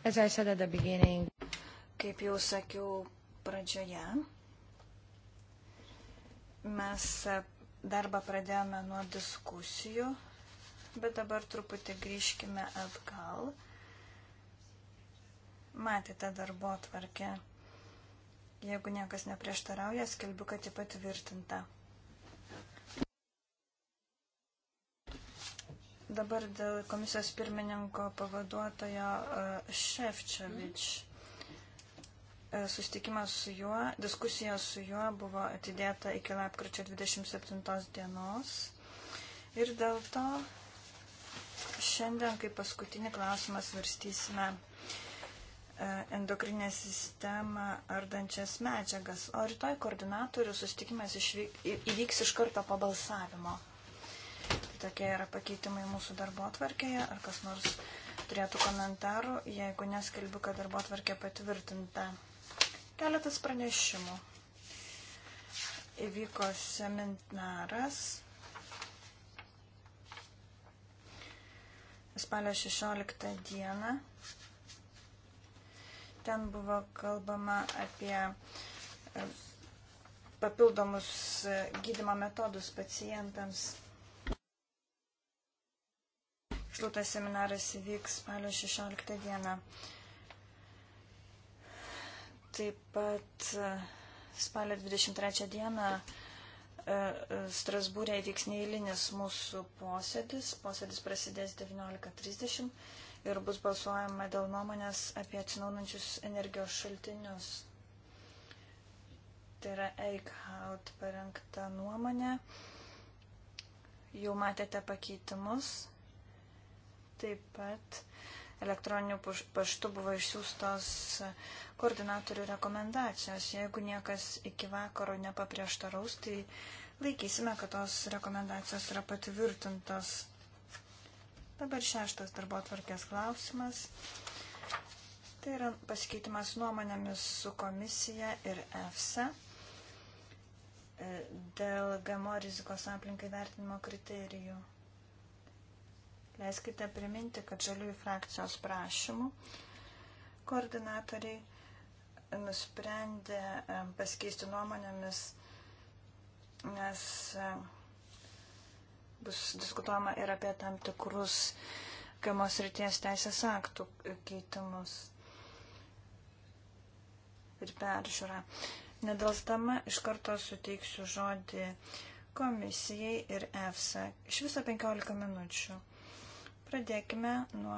Kaip jau sakiau pradžioje, mes darbą pradėjome nuo diskusijų, bet dabar truputį grįžkime atgal. Matėte darbo atvarkę. Jeigu niekas neprieštarauja, skelbiu, kad ji patvirtinta. Dabar dėl komisijos pirmininko pavaduotojo e, Šefčevič. E, sustikimas su juo, diskusija su juo buvo atidėta iki lapkričio 27 dienos. Ir dėl to šiandien, kaip paskutinį klausimą, svarstysime e, endokrinę sistemą ardančias medžiagas. O rytoj koordinatorių sustikimas įvyks iš karto po balsavimo tokie yra pakeitimai mūsų darbo atvarkėje, ar kas nors turėtų komentarų, jeigu neskelbiu, kad darbo atvarkė patvirtinta. Keletas pranešimų. Įvyko seminaras. Spalio 16 dieną. Ten buvo kalbama apie e, papildomus e, gydimo metodus pacientams tikslu tas seminaras įvyks spalio 16 dieną. Taip pat e, spalio 23 dieną e, e, Strasbūrė įvyks neįlinis mūsų posėdis. Posėdis prasidės 19.30 ir bus balsuojama dėl nuomonės apie atsinaunančius energijos šaltinius. Tai yra Eichhaut parengta nuomonė. Jau matėte pakeitimus. Taip pat elektroniniu paštu buvo išsiųstos koordinatorių rekomendacijos. Jeigu niekas iki vakaro nepaprieštaraus, tai laikysime, kad tos rekomendacijos yra patvirtintos. Dabar šeštas darbo atvarkės klausimas. Tai yra pasikeitimas nuomonėmis su komisija ir EFSA e, dėl GMO rizikos aplinkai vertinimo kriterijų. Leiskite priminti, kad žaliųjų frakcijos prašymų koordinatoriai nusprendė e, pasikeisti nuomonėmis, nes e, bus diskutuojama ir apie tam tikrus kamos ryties teisės aktų keitimus ir peržiūrą. Nedalstama iš karto suteiksiu žodį komisijai ir EFSA. Iš viso 15 minučių. Pradėkime nuo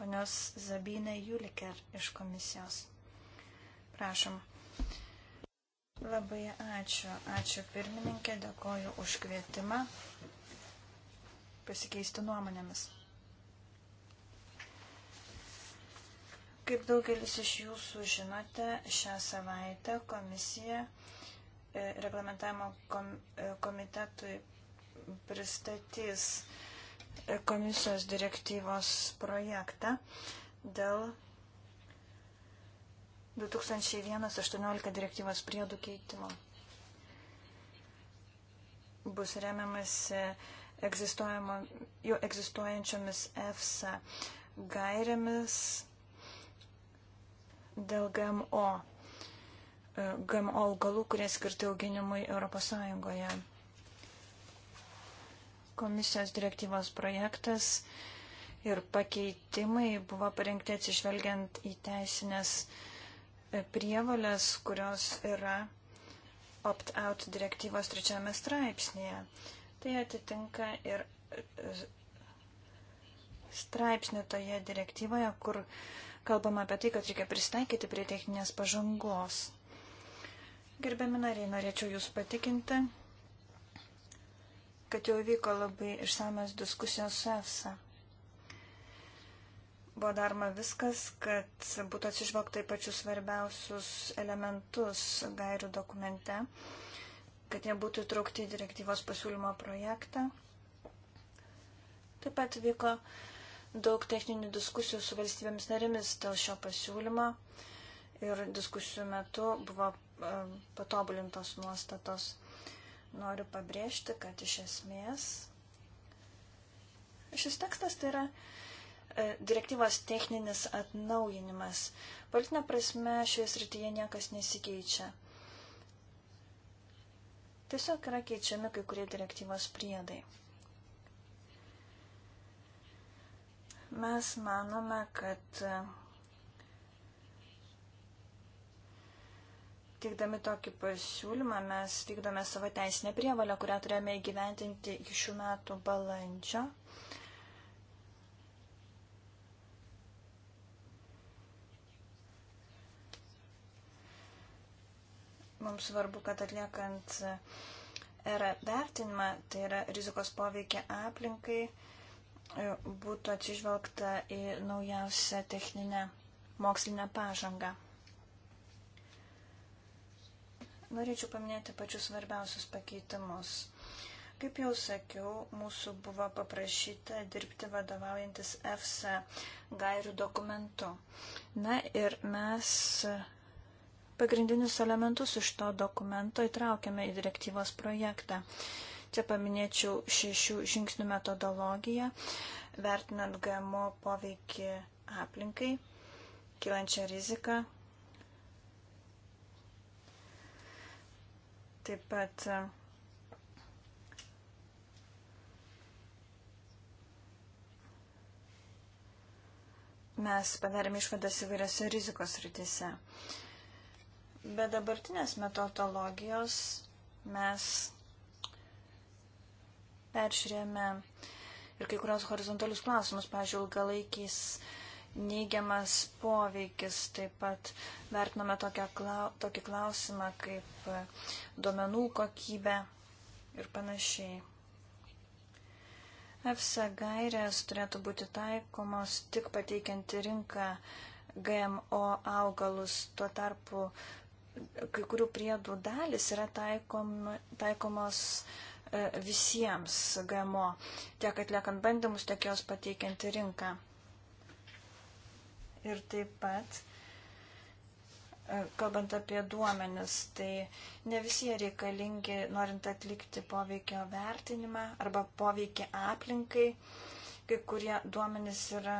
ponios Zabinai Juliker iš komisijos. Prašom. Labai ačiū. Ačiū pirmininkė, dėkoju už kvietimą pasikeisti nuomonėmis. Kaip daugelis iš jūsų žinote, šią savaitę komisija e, reglamentavimo e, komitetui pristatys komisijos direktyvos projektą dėl 2001-18 direktyvos priedų keitimo. Bus remiamasi jau egzistuojančiomis EFSA gairėmis dėl GMO, GMO augalų, kurie skirti auginimui ES. Komisijos direktyvos projektas ir pakeitimai buvo parengti atsižvelgiant į teisinės e, prievalės, kurios yra opt-out direktyvos trečiame straipsnėje. Tai atitinka ir e, e, straipsnį toje direktyvoje, kur kalbama apie tai, kad reikia pristaikyti prie techninės pažangos. Gerbiami nariai, norėčiau Jūs patikinti, kad jau vyko labai išsamios diskusijos su EFSA. Buvo daroma viskas, kad būtų atsižvelgta į pačius svarbiausius elementus gairių dokumente, kad jie būtų įtraukti į direktyvos pasiūlymo projektą. Taip pat vyko daug techninių diskusijų su valstybėmis narėmis dėl šio pasiūlymo ir diskusijų metu buvo e, patobulintos nuostatos noriu pabrėžti, kad iš esmės šis tekstas tai yra e, direktyvos techninis atnaujinimas. Politinė prasme šioje srityje niekas nesikeičia. Tiesiog yra keičiami kai kurie direktyvos priedai. Mes manome, kad e, Teikdami tokį pasiūlymą mes vykdome savo teisinę prievalę, kurią turėjome įgyventinti iki šių metų balandžio. Mums svarbu, kad atliekant yra e, vertinimą, tai yra rizikos poveikia aplinkai, e, būtų atsižvelgta į naujausią techninę mokslinę pažangą. Norėčiau paminėti pačius svarbiausius pakeitimus. Kaip jau sakiau, mūsų buvo paprašyta dirbti vadovaujantis EFSA gairių dokumentu. Na ir mes pagrindinius elementus iš to dokumento įtraukėme į direktyvos projektą. Čia paminėčiau šešių žingsnių metodologiją, vertinant GMO poveikį aplinkai, kylančią riziką, Taip pat e, mes padarėme išvadas įvairiose rizikos rytise. Be dabartinės metodologijos mes peržiūrėjome ir kai kurios horizontalius klausimus, pažiūrėjau, ilgalaikiais neigiamas poveikis. Taip pat vertiname tokį klausimą kaip e, duomenų kokybė ir panašiai. EFSA gairės turėtų būti taikomos tik pateikiant į rinką GMO augalus. Tuo tarpu kai kurių priedų dalis yra taikom, taikomos e, visiems GMO, tiek atliekant bandymus, tiek jos pateikiant į rinką ir taip pat, e, kalbant apie duomenis, tai ne visi jie reikalingi, norint atlikti poveikio vertinimą arba poveikį aplinkai. Kai kurie duomenys yra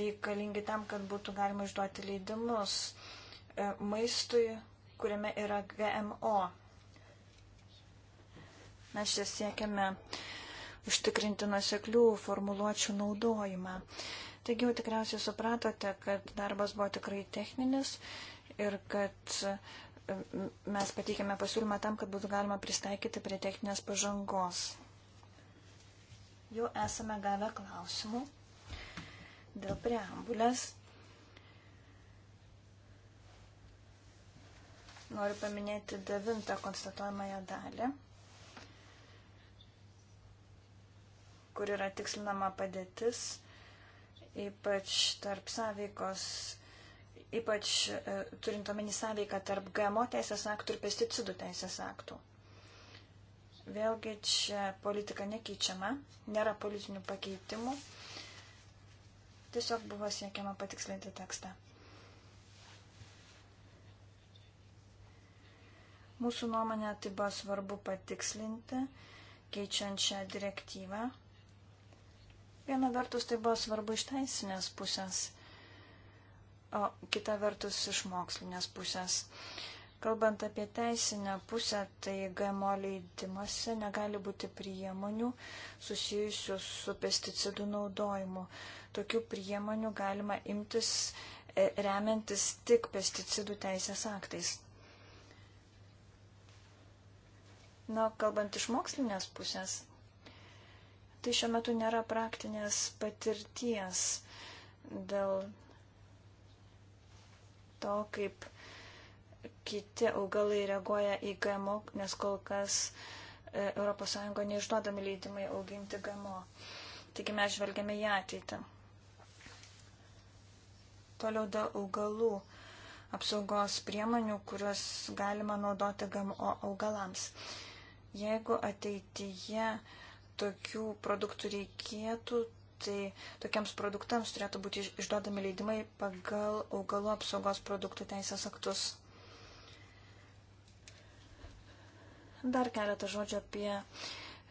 reikalingi tam, kad būtų galima išduoti leidimus e, maistui, kuriame yra GMO. Mes čia siekiame užtikrinti nuseklių formuluočių naudojimą. Uh, Taigi jau tikriausiai supratote, kad darbas buvo tikrai techninis ir kad mes pateikėme pasiūlymą tam, kad būtų galima pristaikyti prie techninės pažangos. Jau esame gavę klausimų dėl preambulės. Noriu paminėti devintą konstatuojamąją dalį, kur yra tikslinama padėtis ypač tarp sąveikos, ypač e, turint omeny sąveiką tarp GMO teisės aktų ir pesticidų teisės aktų. Vėlgi čia politika nekeičiama, nėra politinių pakeitimų, tiesiog buvo siekiama patikslinti tekstą. Mūsų nuomonė tai buvo svarbu patikslinti, keičiant šią direktyvą, Viena vertus tai buvo svarbu iš teisinės pusės, o kita vertus iš mokslinės pusės. Kalbant apie teisinę pusę, tai GMO leidimuose negali būti priemonių susijusių su pesticidų naudojimu. Tokių priemonių galima imtis e, remiantis tik pesticidų teisės aktais. Na, kalbant iš mokslinės pusės, tai šiuo metu nėra praktinės patirties dėl to, kaip kiti augalai reaguoja į GMO, nes kol kas ES neišduodami leidimai auginti GMO. Taigi mes žvelgiame į ateitį. Toliau dėl augalų apsaugos priemonių, kurios galima naudoti GMO augalams. Jeigu ateityje uh, tokių produktų reikėtų, tai tokiems produktams turėtų būti išduodami leidimai pagal augalų apsaugos produktų teisės aktus. Dar keletą žodžių apie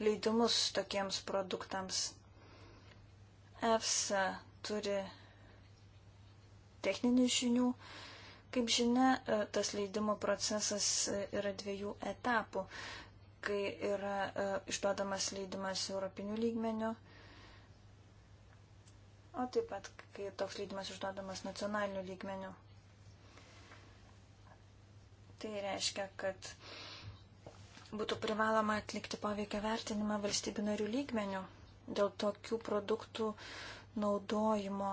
leidimus tokiems produktams. EFSA turi techninių žinių. Kaip žinia, e, tas leidimo procesas e, yra dviejų etapų kai yra e, išduodamas leidimas europinių lygmenių, o taip pat, kai toks leidimas išduodamas nacionalinių lygmenių. Tai reiškia, kad būtų privaloma atlikti poveikio vertinimą valstybių narių lygmenių dėl tokių produktų naudojimo.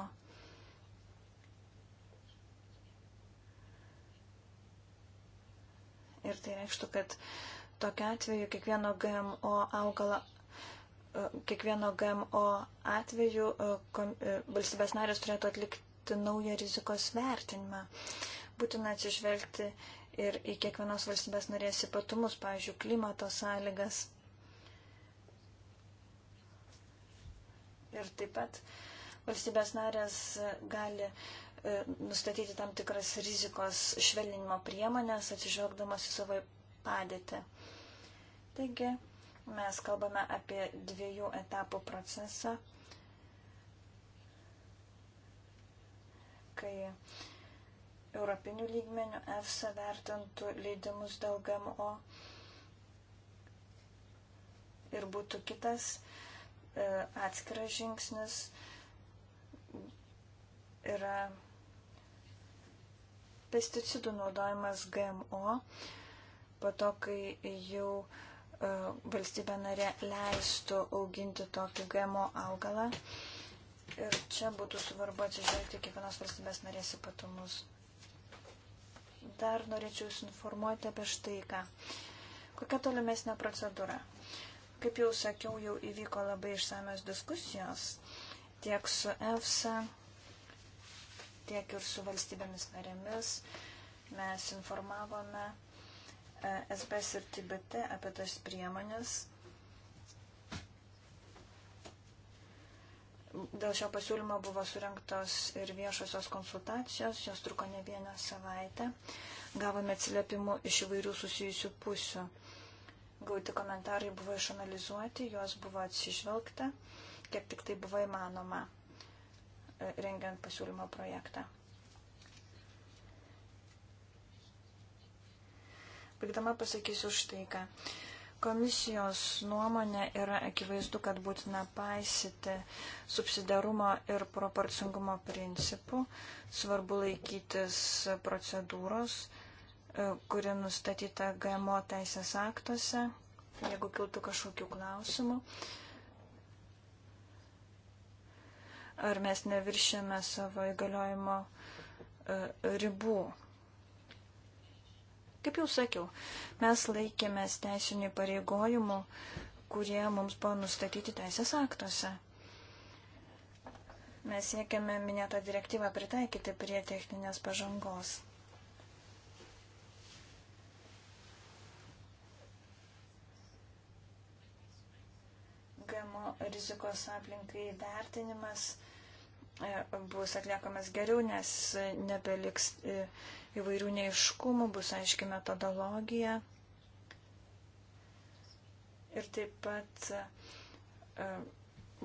Ir tai reikštų, kad uh, Tokiu atveju kiekvieno GMO augalo, e, kiekvieno GMO atveju e, e, valstybės narės turėtų atlikti naują rizikos vertinimą. Būtina atsižvelgti ir į kiekvienos valstybės narės ypatumus, pavyzdžiui, klimato sąlygas. Ir taip pat valstybės narės gali nustatyti tam tikras rizikos švelninimo priemonės, atsižvelgdamas į savo padėtį. Taigi mes kalbame apie dviejų etapų procesą, kai Europinių lygmenių EFSA vertintų leidimus dėl GMO ir būtų kitas e, atskiras žingsnis yra pesticidų naudojimas GMO, po to, kai jau uh, E, valstybė narė leistų auginti tokį GMO augalą. Ir čia būtų svarbu atsižvelgti kiekvienos valstybės narės ypatumus. Dar norėčiau Jūs informuoti apie štai ką. Kokia tolimesnė procedūra? Kaip jau sakiau, jau įvyko labai išsamios diskusijos tiek su EFSA, tiek ir su valstybėmis narėmis. Mes informavome SBS e ir Tibete apie tas priemonės. Dėl šio pasiūlymo buvo surinktos ir viešosios konsultacijos, jos truko ne vieną savaitę. Gavome atsiliepimų iš įvairių susijusių pusių. Gauti komentarai buvo išanalizuoti, juos buvo atsižvelgta, kiek tik tai buvo įmanoma e, rengiant pasiūlymo projektą. Baigdama pasakysiu štai ką. Komisijos nuomonė yra akivaizdu, kad būtina paisyti subsidarumo ir proporcingumo principų. Svarbu laikytis procedūros, e, kuri nustatyta GMO teisės aktuose, jeigu kiltų kažkokių klausimų. Ar mes neviršėme savo įgaliojimo e, ribų. Kaip jau sakiau, mes laikėmės teisinių pareigojimų, kurie mums buvo nustatyti teisės aktuose. Mes siekiame minėtą direktyvą pritaikyti prie techninės pažangos. GMO rizikos aplinkai vertinimas e, bus atliekamas geriau, nes nebeliks e, įvairių neiškumų, bus aiški metodologija. Ir taip pat e,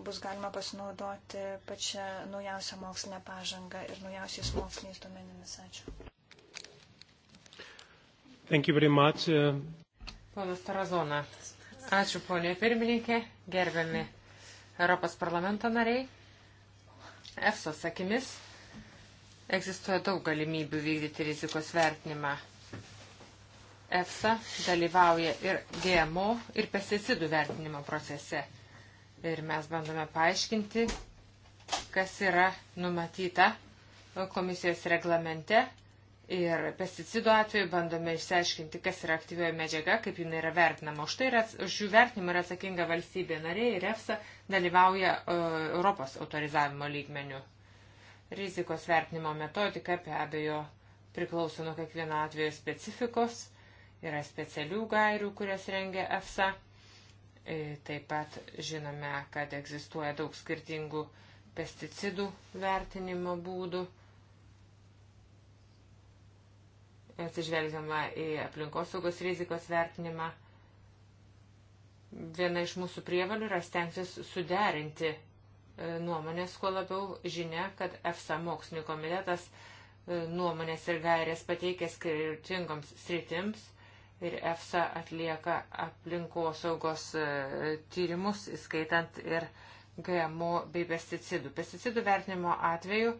bus galima pasinaudoti pačią naujausią mokslinę pažangą ir naujausiais moksliniais duomenimis. Ačiū. Thank you very much. E. Ponas Tarazona. Ačiū, ponė pirmininkė, gerbiami Europos parlamento nariai. EFSOS akimis Egzistuoja daug galimybių vykdyti rizikos vertinimą. EFSA dalyvauja ir GMO, ir pesticidų vertinimo procese. Ir mes bandome paaiškinti, kas yra numatyta komisijos reglamente. Ir pesticidų atveju bandome išsiaiškinti, kas yra aktyvioji medžiaga, kaip jinai yra vertinama. Už, tai yra, už jų vertinimą yra atsakinga valstybė narė ir EFSA dalyvauja uh, Europos autorizavimo lygmeniu. Rizikos vertinimo metodika be abejo priklauso nuo kiekvieno atvejo specifikos, yra specialių gairių, kurias rengia EFSA. E, taip pat žinome, kad egzistuoja daug skirtingų pesticidų vertinimo būdų. Atsižvelgiama į aplinkosaugos rizikos vertinimą. Viena iš mūsų prievalių yra stengtis suderinti E, nuomonės, kuo labiau žinia, kad EFSA mokslinio komitetas e, nuomonės ir gairės pateikė skirtingoms sritims ir EFSA atlieka aplinkosaugos e, tyrimus, įskaitant ir GMO bei pesticidų. Pesticidų vertinimo atveju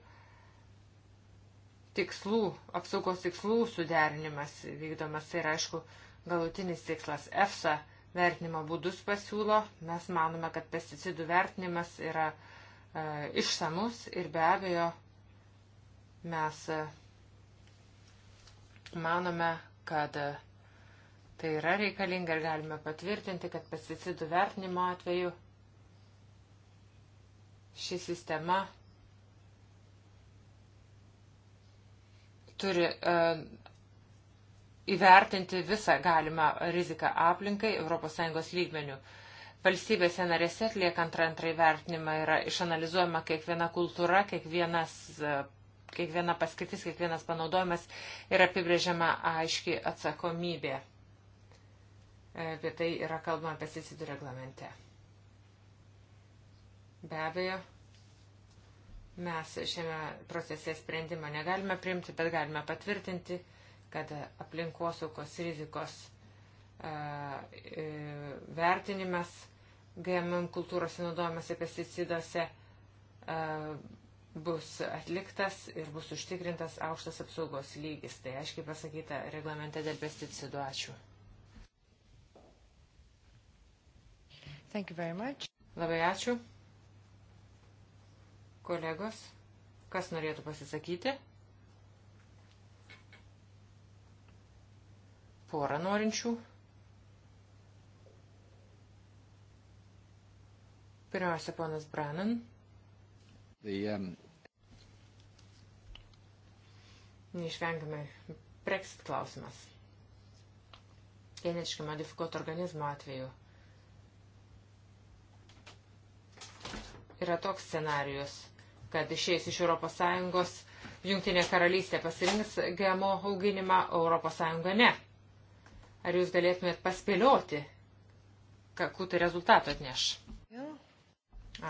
tikslų, apsaugos tikslų suderinimas vykdomas ir tai aišku galutinis tikslas EFSA vertinimo būdus pasiūlo. Mes manome, kad pesticidų vertinimas yra e, išsamus ir be abejo mes e, manome, kad e, tai yra reikalinga ir galime patvirtinti, kad pesticidų vertinimo atveju ši sistema turi e, įvertinti visą galimą riziką aplinkai ES lygmenių. Valstybėse narėse atliekant antrąjį vertinimą yra išanalizuojama kiekviena kultūra, kiekvienas, e, kiekviena paskirtis, kiekvienas panaudojimas ir apibrėžiama aiški atsakomybė. E, apie tai yra kalbama pesticidų reglamente. Be abejo, mes šiame procese sprendimą negalime priimti, bet galime patvirtinti kad aplinkosaugos rizikos e, e, vertinimas GMM kultūros naudojimuose pesticiduose e, bus atliktas ir bus užtikrintas aukštas apsaugos lygis. Tai aiškiai pasakyta reglamente dėl pesticidų. Ačiū. Labai ačiū. Kolegos, kas norėtų pasisakyti? Porą norinčių. Pirmiausia, ponas Branan. The, um... Neišvengiamai Brexit klausimas. Geniškai modifikuoto organizmo atveju. Yra toks scenarius, kad išėjęs iš ES Junktinė karalystė pasirinks GMO auginimą, o ES ne. Ar jūs galėtumėt paspėlioti, kokį tai rezultatą atneš?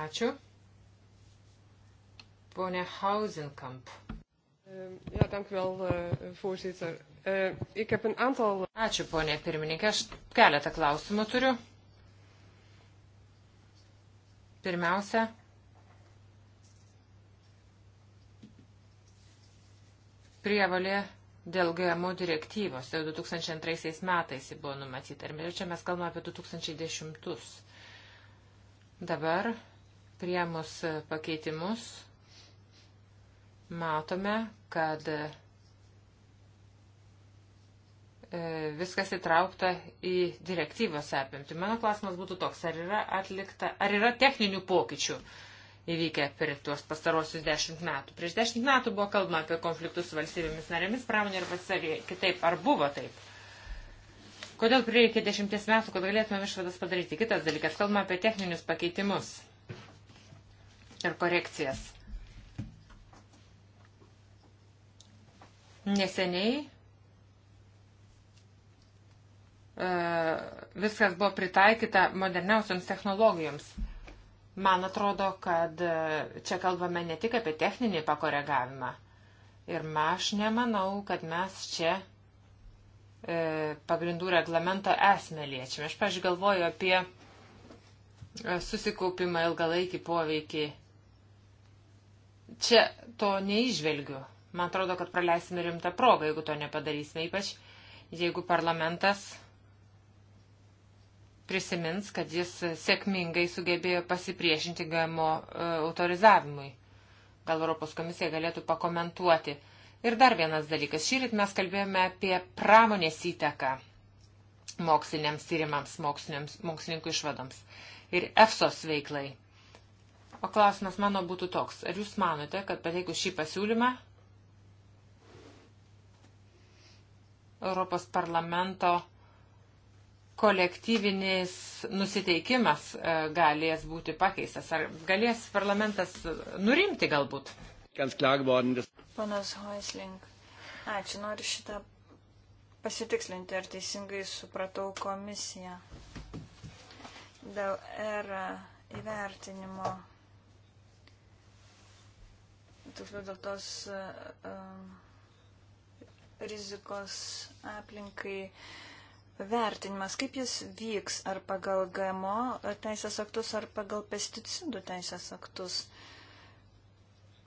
Ačiū. Pone Hausenkamp. Ja, dank wel, eh, voorzitter. Eh, ik heb een aantal... Ačiū, ponė pirmininkė. Aš keletą klausimų turiu. Pirmiausia, prievalė dėl GMO direktyvos. Tai jau 2002 metais ji buvo numatyta. Ir čia mes kalbame apie 2010. Dabar priemus pakeitimus matome, kad e, viskas įtraukta į direktyvos apimtį. Mano klausimas būtų toks, ar yra atlikta, ar yra techninių pokyčių įvykę per tuos pastarosius dešimt metų. Prieš dešimt metų buvo kalbama apie konfliktus su valstybėmis narėmis, pramonė ir pasisavė kitaip. Ar buvo taip? Kodėl prireikė dešimties metų, kad galėtumėm išvadas padaryti? Kitas dalykas, kalbama apie techninius pakeitimus ir korekcijas. Neseniai e, viskas buvo pritaikyta moderniausiams technologijoms. Man atrodo, kad e, čia kalbame ne tik apie techninį pakoregavimą. Ir aš nemanau, kad mes čia e, pagrindų reglamento esmę liečiame. Aš, pažiūrėjau, galvoju apie e, susikaupimą ilgalaikį poveikį. Čia to neižvelgiu. Man atrodo, kad praleisime rimtą progą, jeigu to nepadarysime, ypač jeigu parlamentas prisimins, kad jis sėkmingai sugebėjo pasipriešinti GMO e, autorizavimui. Gal Europos komisija galėtų pakomentuoti. Ir dar vienas dalykas. Šįryt mes kalbėjome apie pramonės įtaką moksliniams tyrimams, mokslininkų išvadoms ir EFSOS veiklai. O klausimas mano būtų toks. Ar jūs manote, kad pateikus šį pasiūlymą Europos parlamento kolektyvinis nusiteikimas e, galės būti pakeistas? Ar galės parlamentas nurimti galbūt? Panas Hoisling, ačiū, noriu šitą pasitikslinti, ar teisingai supratau komisiją dėl R įvertinimo. Tiksliau dėl tos uh, rizikos aplinkai uh, vertinimas, kaip jis vyks, ar pagal GMO teisės aktus, ar pagal pesticidų teisės aktus.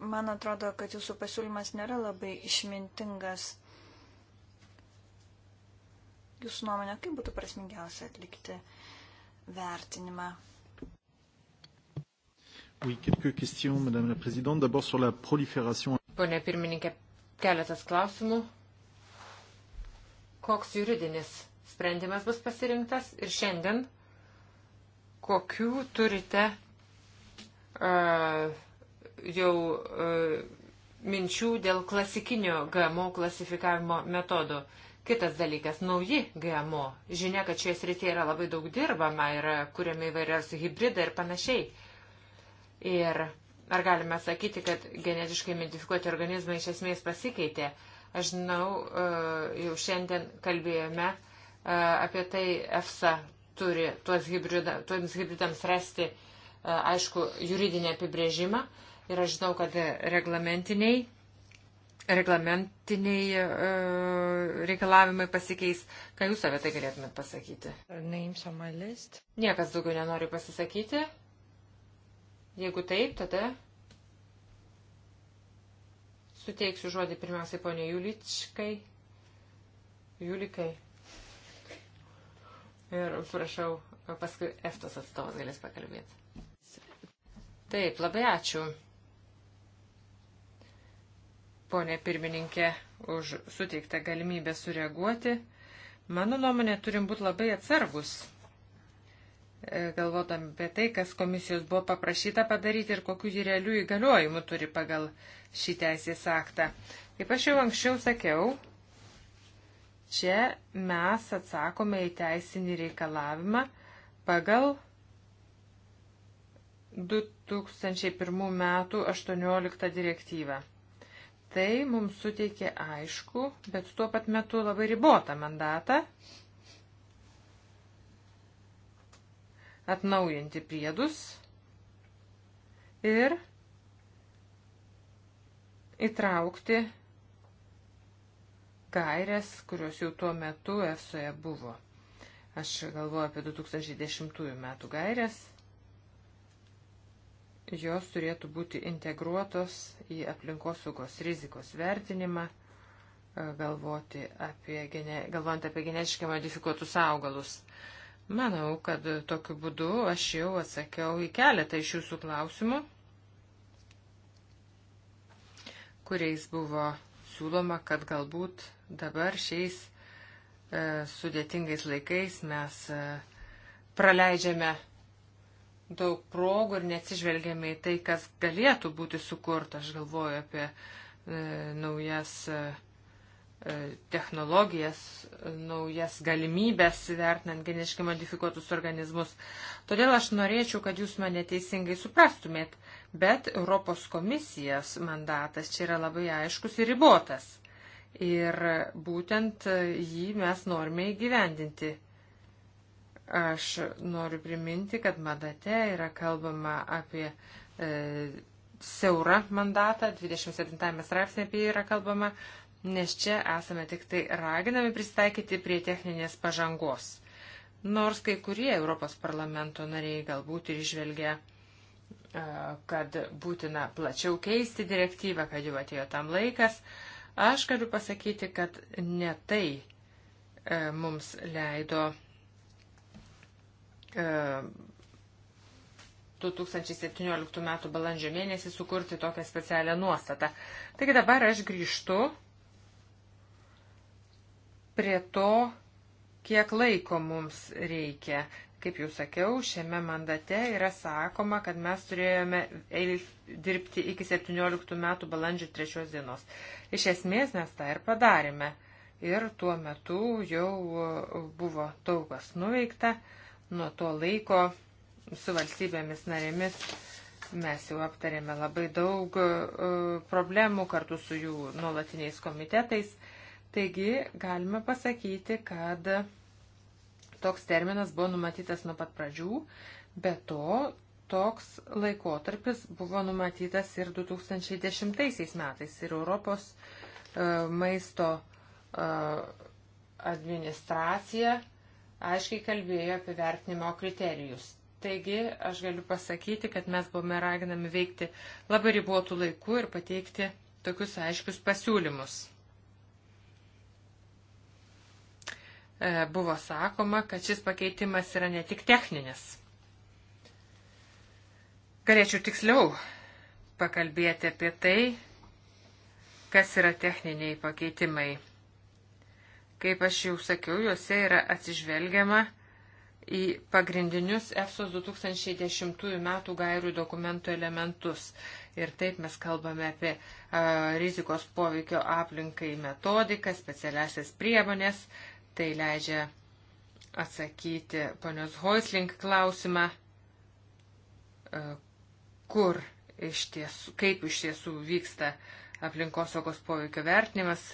Man atrodo, kad jūsų pasiūlymas nėra labai išmintingas. Jūsų nuomonė, kaip būtų prasmingiausia atlikti vertinimą? Oui, quelques questions, Madame la Présidente. D'abord sur la prolifération. Pone pirmininkė, keletas klausimų. Koks juridinis sprendimas bus pasirinktas ir šiandien kokių turite uh, jau uh, minčių dėl klasikinio GMO klasifikavimo metodo. Kitas dalykas - nauji GMO. Žinia, kad šioje srityje yra labai daug dirbama, yra kuriami įvairiausi hybridai ir panašiai. Ir ar galime sakyti, kad genetiškai modifikuoti organizmai iš esmės pasikeitė? Aš žinau, jau šiandien kalbėjome Apie tai EFSA turi hibridą, tuoms hybridams rasti aišku juridinį apibrėžimą. Ir aš žinau, kad reglamentiniai, reglamentiniai reikalavimai pasikeis. Ką jūs apie tai galėtumėt pasakyti? Niekas daugiau nenori pasisakyti. Jeigu taip, tada suteiksiu žodį pirmiausiai ponė Juličkai. Julikai. Ir prašau, paskui EFTOS atstovas galės pakalbėti. Taip, labai ačiū, ponė pirmininkė, už suteiktą galimybę sureaguoti. Mano nuomonė, turim būti labai atsargus, e, galvodami apie tai, kas komisijos buvo paprašyta padaryti ir kokiu jį realių įgaliojimų turi pagal šį teisės aktą. Kaip aš jau anksčiau sakiau, Čia mes atsakome į teisinį reikalavimą pagal 2001 m. 18 direktyvą. Tai mums suteikė aišku, bet tuo pat metu labai ribotą mandatą atnaujinti priedus ir įtraukti gairias, kurios jau tuo metu EFSOje buvo. Aš galvoju apie 2010 metų gairias. Jos turėtų būti integruotos į aplinkosaugos rizikos vertinimą, e, galvoti apie, gene, galvojant apie genetiškai modifikuotus augalus. Manau, kad tokiu būdu aš jau atsakiau į keletą iš jūsų klausimų, kuriais buvo siūloma, kad galbūt Dabar šiais e, sudėtingais laikais mes e, praleidžiame daug progų ir neatsižvelgiame į tai, kas galėtų būti sukurta. Aš galvoju apie e, naujas e, e technologijas, naujas galimybės vertinant geniškai modifikuotus organizmus. Todėl aš norėčiau, kad jūs mane teisingai suprastumėt, bet Europos komisijos mandatas čia yra labai aiškus ir ribotas ir būtent jį mes norime įgyvendinti. Aš noriu priminti, kad mandate yra kalbama apie e, siaurą mandatą, 27 straipsnė apie jį yra kalbama, nes čia esame tik tai raginami pristaikyti prie techninės pažangos. Nors kai kurie Europos parlamento nariai galbūt ir išvelgia e, kad būtina plačiau keisti direktyvą, kad jau atėjo tam laikas, Aš galiu pasakyti, kad ne tai e, mums leido e, 2017 m. balandžio mėnesį sukurti tokią specialią nuostatą. Taigi dabar aš grįžtu prie to, kiek laiko mums reikia. Kaip jau sakiau, šiame mandate yra sakoma, kad mes turėjome dirbti iki 17 metų balandžio 3 dienos. Iš esmės mes tą ir padarėme. Ir tuo metu jau buvo daugas nuveikta. Nuo to laiko su valstybėmis narėmis mes jau aptarėme labai daug e, problemų kartu su jų nuolatiniais komitetais. Taigi galime pasakyti, kad Toks terminas buvo numatytas nuo pat pradžių, be to toks laikotarpis buvo numatytas ir 2010 metais ir Europos e, maisto e, administracija aiškiai kalbėjo apie vertinimo kriterijus. Taigi, aš galiu pasakyti, kad mes buvome raginami veikti labai ribotų laikų ir pateikti tokius aiškius pasiūlymus. E, buvo sakoma, kad šis pakeitimas yra ne tik techninis. Galėčiau tiksliau pakalbėti apie tai, kas yra techniniai pakeitimai. Kaip aš jau sakiau, juose yra atsižvelgiama į pagrindinius EFSOS 2010 metų gairių dokumentų elementus. Ir taip mes kalbame apie a, rizikos poveikio aplinkai metodiką, specialiasias priemonės, Tai leidžia atsakyti ponios Hoisling klausimą, e, kur iš tiesų, kaip iš tiesų vyksta aplinkosaugos poveikio vertinimas.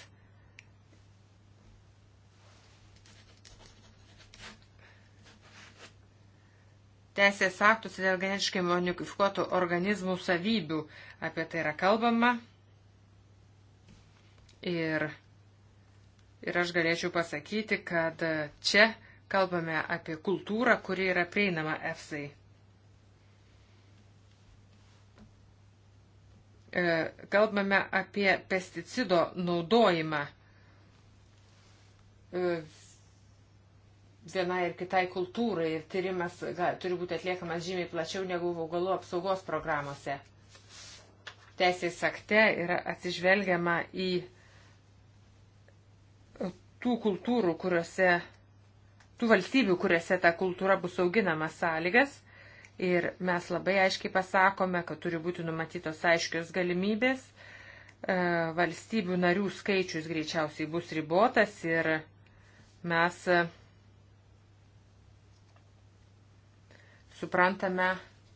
Teisės aktuose dėl genetiškai modifikuotų organizmų savybių apie tai yra kalbama. Ir Ir aš galėčiau pasakyti, kad čia kalbame apie kultūrą, kuri yra prieinama EFSAI. Kalbame apie pesticido naudojimą e, vienai ir kitai kultūrai ir tyrimas gal, turi būti atliekamas žymiai plačiau negu augalų apsaugos programuose. Teisės akte yra atsižvelgiama į tų kultūrų, kuriuose, tų valstybių, kuriuose ta kultūra bus auginama sąlygas. Ir mes labai aiškiai pasakome, kad turi būti numatytos aiškios galimybės. E, valstybių narių skaičius greičiausiai bus ribotas ir mes e, suprantame,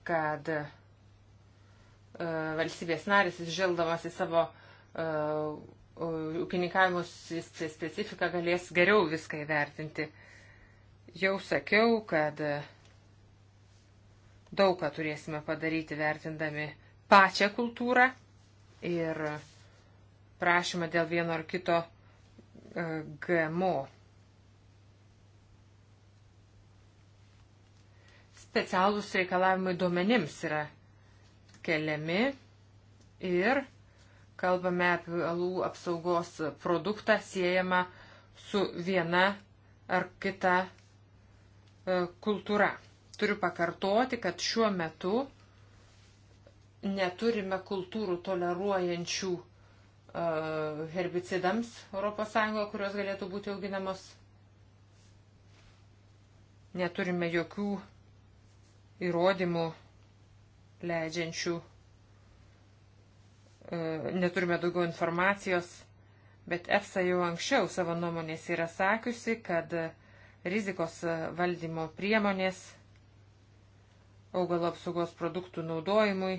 kad e, valstybės narės išžildamas į savo ūkininkavimo specifika galės geriau viską įvertinti. Jau sakiau, kad e, daug ką turėsime padaryti vertindami pačią kultūrą ir prašymą dėl vieno ar kito e, GMO. Specialūs reikalavimai duomenims yra keliami ir kalbame apie alų apsaugos produktą siejama su viena ar kita e, kultūra. Turiu pakartoti, kad šiuo metu neturime kultūrų toleruojančių e, herbicidams ES, kurios galėtų būti auginamos. Neturime jokių įrodymų leidžiančių E, neturime daugiau informacijos, bet EFSA jau anksčiau savo nuomonės yra sakiusi, kad rizikos valdymo priemonės augalo apsaugos produktų naudojimui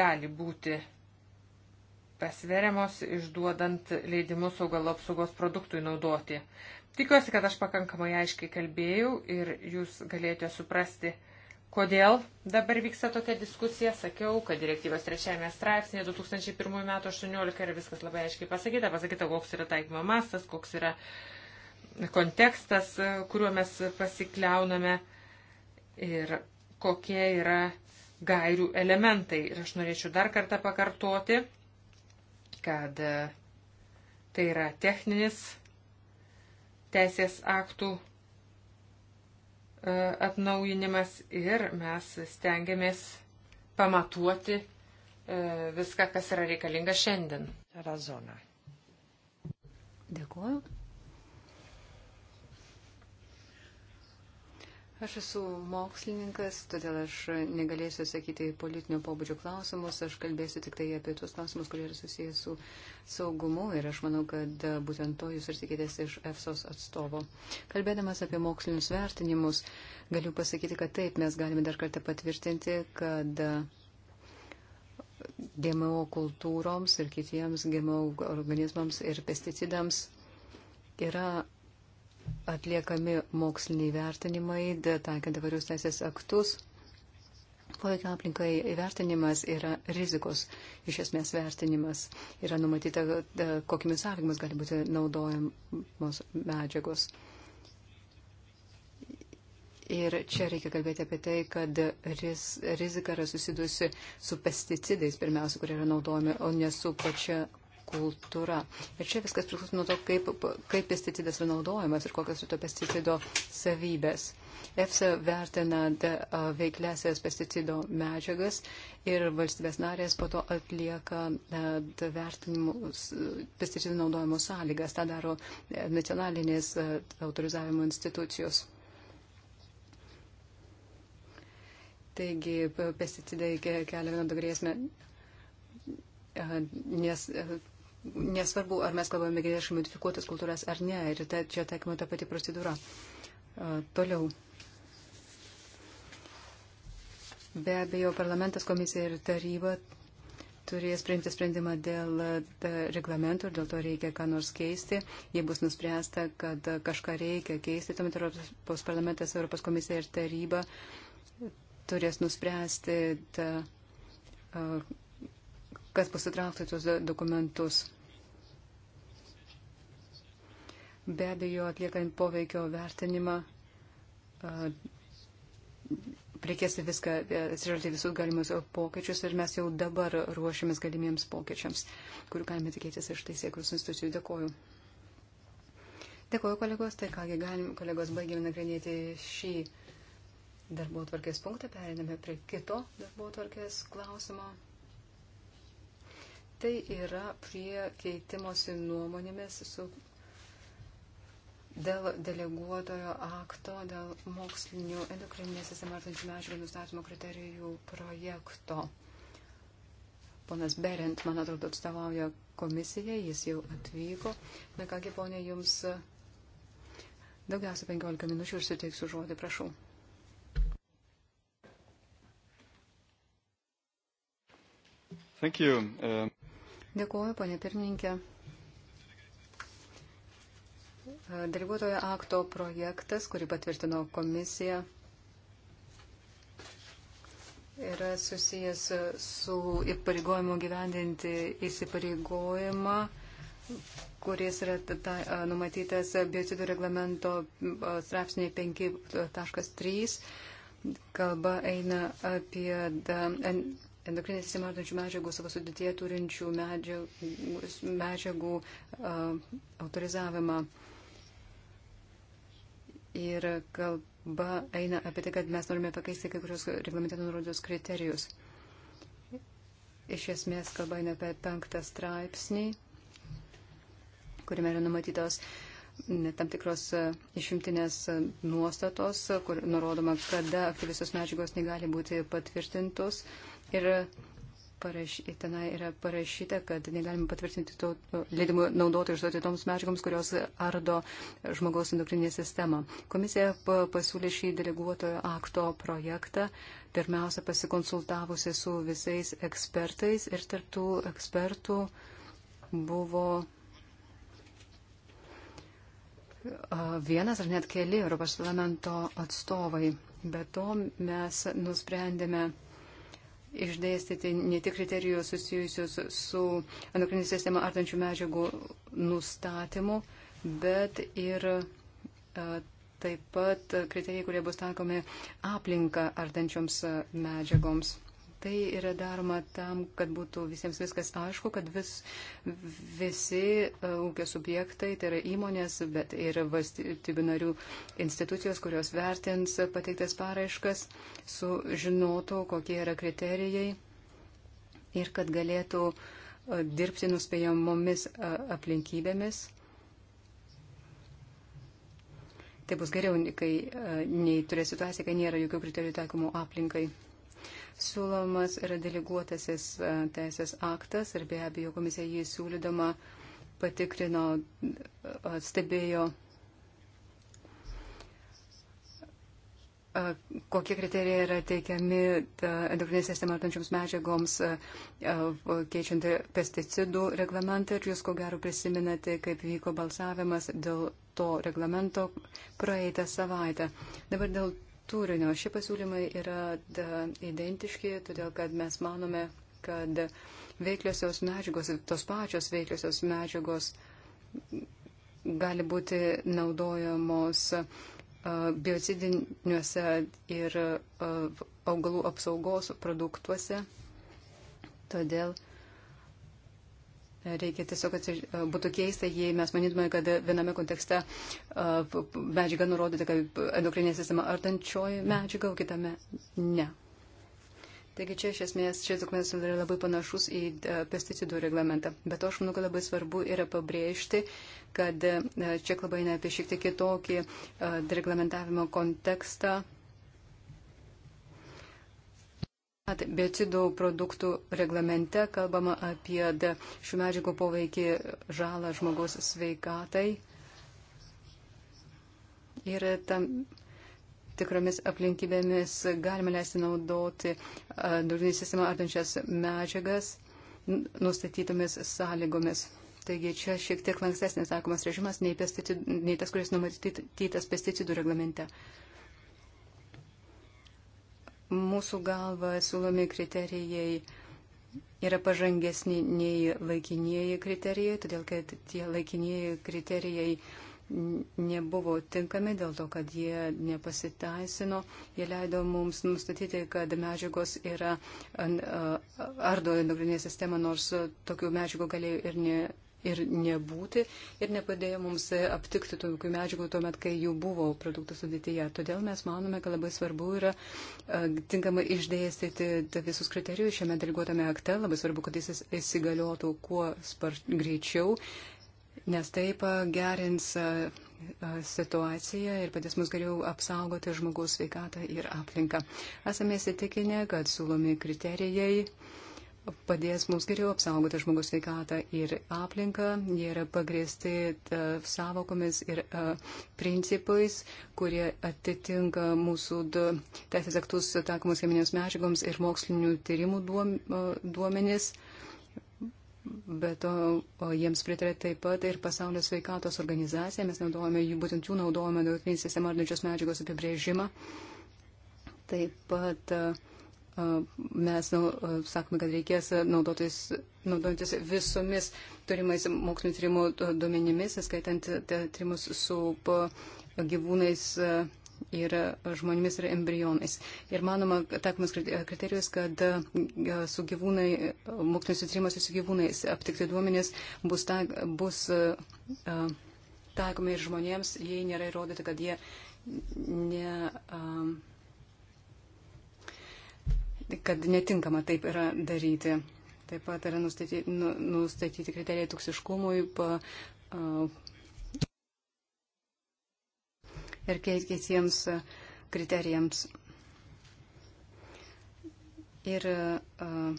gali būti pasveriamos išduodant leidimus augalo apsaugos produktui naudoti. Tikiuosi, kad aš pakankamai aiškiai kalbėjau ir jūs galėjote suprasti, Kodėl dabar vyksta tokia diskusija? Sakiau, kad direktyvos trečiajame straipsnėje 2001 m. 18 yra viskas labai aiškiai pasakyta, pasakyta, koks yra taikymo mastas, koks yra kontekstas, kuriuo mes pasikliauname ir kokie yra gairių elementai. Ir aš norėčiau dar kartą pakartoti, kad tai yra techninis teisės aktų E, atnaujinimas ir mes stengiamės pamatuoti e, viską, kas yra reikalinga šiandien. Razona. Dėkuoju. Aš esu mokslininkas, todėl aš negalėsiu sakyti politinio pobūdžio klausimus, aš kalbėsiu tik tai apie tuos klausimus, kurie yra susijęs su saugumu ir aš manau, kad e, būtent to jūs ir tikitės iš EFSOS atstovo. Kalbėdamas apie mokslinius vertinimus, galiu pasakyti, kad taip, mes galime dar kartą patvirtinti, kad e, GMO kultūroms ir kitiems GMO organizmams ir pesticidams yra atliekami moksliniai vertinimai, taikant įvairius teisės aktus. Poveikio aplinkai įvertinimas yra rizikos, iš esmės vertinimas. Yra numatyta, kokiamis sąlygomis gali būti naudojamos medžiagos. Ir čia reikia kalbėti apie tai, kad riz, rizika yra susidusi su pesticidais, pirmiausia, kurie yra naudojami, o ne su pačia kultūra. Ir čia viskas priklauso nuo to, kaip, kaip pesticidas yra naudojamas ir kokios yra to pesticido savybės. EFSA vertina veiklesias pesticido medžiagas ir valstybės narės po to atlieka vertinimus pesticidų naudojimo sąlygas. Ta daro e, nacionalinės e, autorizavimo institucijos. Taigi pesticidai kelia vienodą grėsmę, nes e, nesvarbu, ar mes kalbame genetiškai modifikuotas kultūras ar ne, ir ta, čia taikoma ta pati procedūra. Uh, toliau. Be abejo, parlamentas, komisija ir taryba turės priimti sprendimą dėl reglamentų ir dėl to reikia ką nors keisti. Jei bus nuspręsta, kad kažką reikia keisti, tuomet Europos parlamentas, Europos komisija ir taryba turės nuspręsti, ta, kas bus įtraukta į tuos dokumentus. Be abejo, atliekant poveikio vertinimą, reikės viską, atsižvelgti visus galimus pokyčius ir mes jau dabar ruošiamės galimiems pokyčiams, kurių galime tikėtis iš teisėkros institucijų. Dėkoju. Dėkoju, kolegos. Tai kągi, galim, kolegos, baigėme nagrinėti šį darbo tvarkės punktą, periname prie kito darbo tvarkės klausimo. Tai yra prie keitimosi nuomonėmis su dėl deleguotojo akto, dėl mokslinių endokrininės sistemas antimežlių nustatymo kriterijų projekto. Ponas Berent, man atrodo, atstovauja komisiją, jis jau atvyko. Na kągi, ponė, jums daugiausia 15 minučių ir suteiksiu žodį, prašau. Thank you. Um... Dėkuoju, ponė pirmininkė. Deleguotojo akto projektas, kurį patvirtino komisija, yra susijęs su įpareigojimu gyvendinti įsipareigojimą, kuris yra ta, numatytas biocidų reglamento straipsnėje 5.3. Kalba eina apie endokrinės įsimardančių medžiagų savo sudėtie turinčių medžiagų, medžiagų autorizavimą ir kalba eina apie tai, kad mes norime pakeisti kai kurios reglamente nurodytus kriterijus. Iš esmės kalba eina apie penktą straipsnį, kuriame yra numatytos tam tikros e, išimtinės e, nuostatos, kur nurodoma, kada aktyvisios medžiagos negali būti patvirtintos. Ir paraš, tenai yra parašyta, kad negalime patvirtinti to leidimų naudoti išduoti toms medžiagoms, kurios ardo žmogaus endokrininę sistemą. Komisija pasiūlė šį deleguotojo akto projektą, pirmiausia pasikonsultavusi su visais ekspertais ir tarptų ekspertų buvo vienas ar net keli Europos parlamento atstovai. Be to mes nusprendėme išdėstyti ne tik kriterijus susijusius su endokrininį sistemą artančių medžiagų nustatymu, bet ir e, taip pat kriterijai, kurie bus taikomi aplinką artančioms medžiagoms. Tai yra daroma tam, kad būtų visiems viskas aišku, kad vis, visi e, ūkio subjektai, tai yra įmonės, bet ir valstybių narių institucijos, kurios vertins pateiktas paraiškas, sužinotų, kokie yra kriterijai ir kad galėtų e, dirbti nuspėjamomis e, aplinkybėmis. Tai bus geriau, kai nei turės situacija, kai nėra jokių kriterijų taikomų aplinkai siūlomas yra deleguotasis e, teisės aktas ir be abejo komisija jį siūlydama patikrino, e, stebėjo, e, kokie kriterijai yra teikiami endokrinės sistemą artančioms medžiagoms, keičiant pesticidų reglamentą. Ir jūs ko gero prisiminate, kaip vyko balsavimas dėl to reglamento praeitą savaitę. Dabar dėl turinio. Šie pasiūlymai yra identiški, todėl kad mes manome, kad veikliosios medžiagos, tos pačios veikliosios medžiagos gali būti naudojamos biocidiniuose ir augalų apsaugos produktuose. Todėl Reikia tiesiog, kad būtų keista, jei mes manytume, kad viename kontekste medžiaga nurodyta kaip endokrinė sistema ardančioji medžiaga, o kitame ne. Taigi čia iš esmės šis dokumentas yra labai panašus į pesticidų reglamentą. Bet to aš manau, kad labai svarbu yra pabrėžti, kad čia kalba eina apie šiek tiek kitokį reglamentavimo kontekstą Biocidų produktų reglamente kalbama apie šių medžiagų poveikį žalą žmogaus sveikatai ir tam tikromis aplinkybėmis galima leisti naudoti durinį sistemą ardančias medžiagas nustatytomis sąlygomis. Taigi čia šiek tiek lankstesnis taikomas režimas nei, pesticidų, nei tas, kuris numatytas pesticidų reglamente. Uh, mūsų galva siūlomi kriterijai yra pažangesni nei laikinieji kriterijai, todėl kad tie laikinieji kriterijai nebuvo tinkami dėl to, kad jie nepasiteisino. Jie leido mums nustatyti, kad medžiagos yra ardo endokrininę sistemą, nors tokių medžiagų galėjo ir ne, ir nebūti ir nepadėjo mums aptikti tokių medžiagų tuomet, kai jų buvo produktų sudėtyje. Todėl mes manome, kad labai svarbu yra e, tinkamai išdėstyti visus kriterijus šiame deleguotame akte. Labai svarbu, kad jis įsigaliotų kuo spar... greičiau, nes tai pagerins e, e, situaciją ir padės mus geriau apsaugoti žmogaus sveikatą ir aplinką. Esame įsitikinę, kad siūlomi kriterijai padės mums geriau apsaugoti žmogus sveikatą ir aplinką. Jie yra pagrėsti e, savokomis ir a, e, principais, kurie atitinka mūsų teisės aktus takomus cheminėms medžiagoms ir mokslinių tyrimų e, duomenys. Bet o, o jiems pritarė taip pat ir Pasaulio sveikatos organizacija. Mes naudojame jų, būtent jų naudojame daugtinį sistemą ardančios medžiagos apibrėžimą. Taip pat uh, mes nu, sakome, kad reikės naudotis, naudotis visomis turimais mokslinio tyrimų duomenimis, skaitant e, tyrimus su gyvūnais ir žmonėmis ir embrionais. Ir manoma, takomas kriterijus, kad su gyvūnai, moksliniuose tyrimuose su gyvūnais aptikti duomenys bus, ta, bus taikomi ir žmonėms, jei nėra įrodyta, kad jie ne. Um, kad netinkama taip yra daryti. Taip pat yra nustatyti, nu, nustatyti kriterijai toksiškumui pa, uh, ir kitiems kriterijams. Ir uh,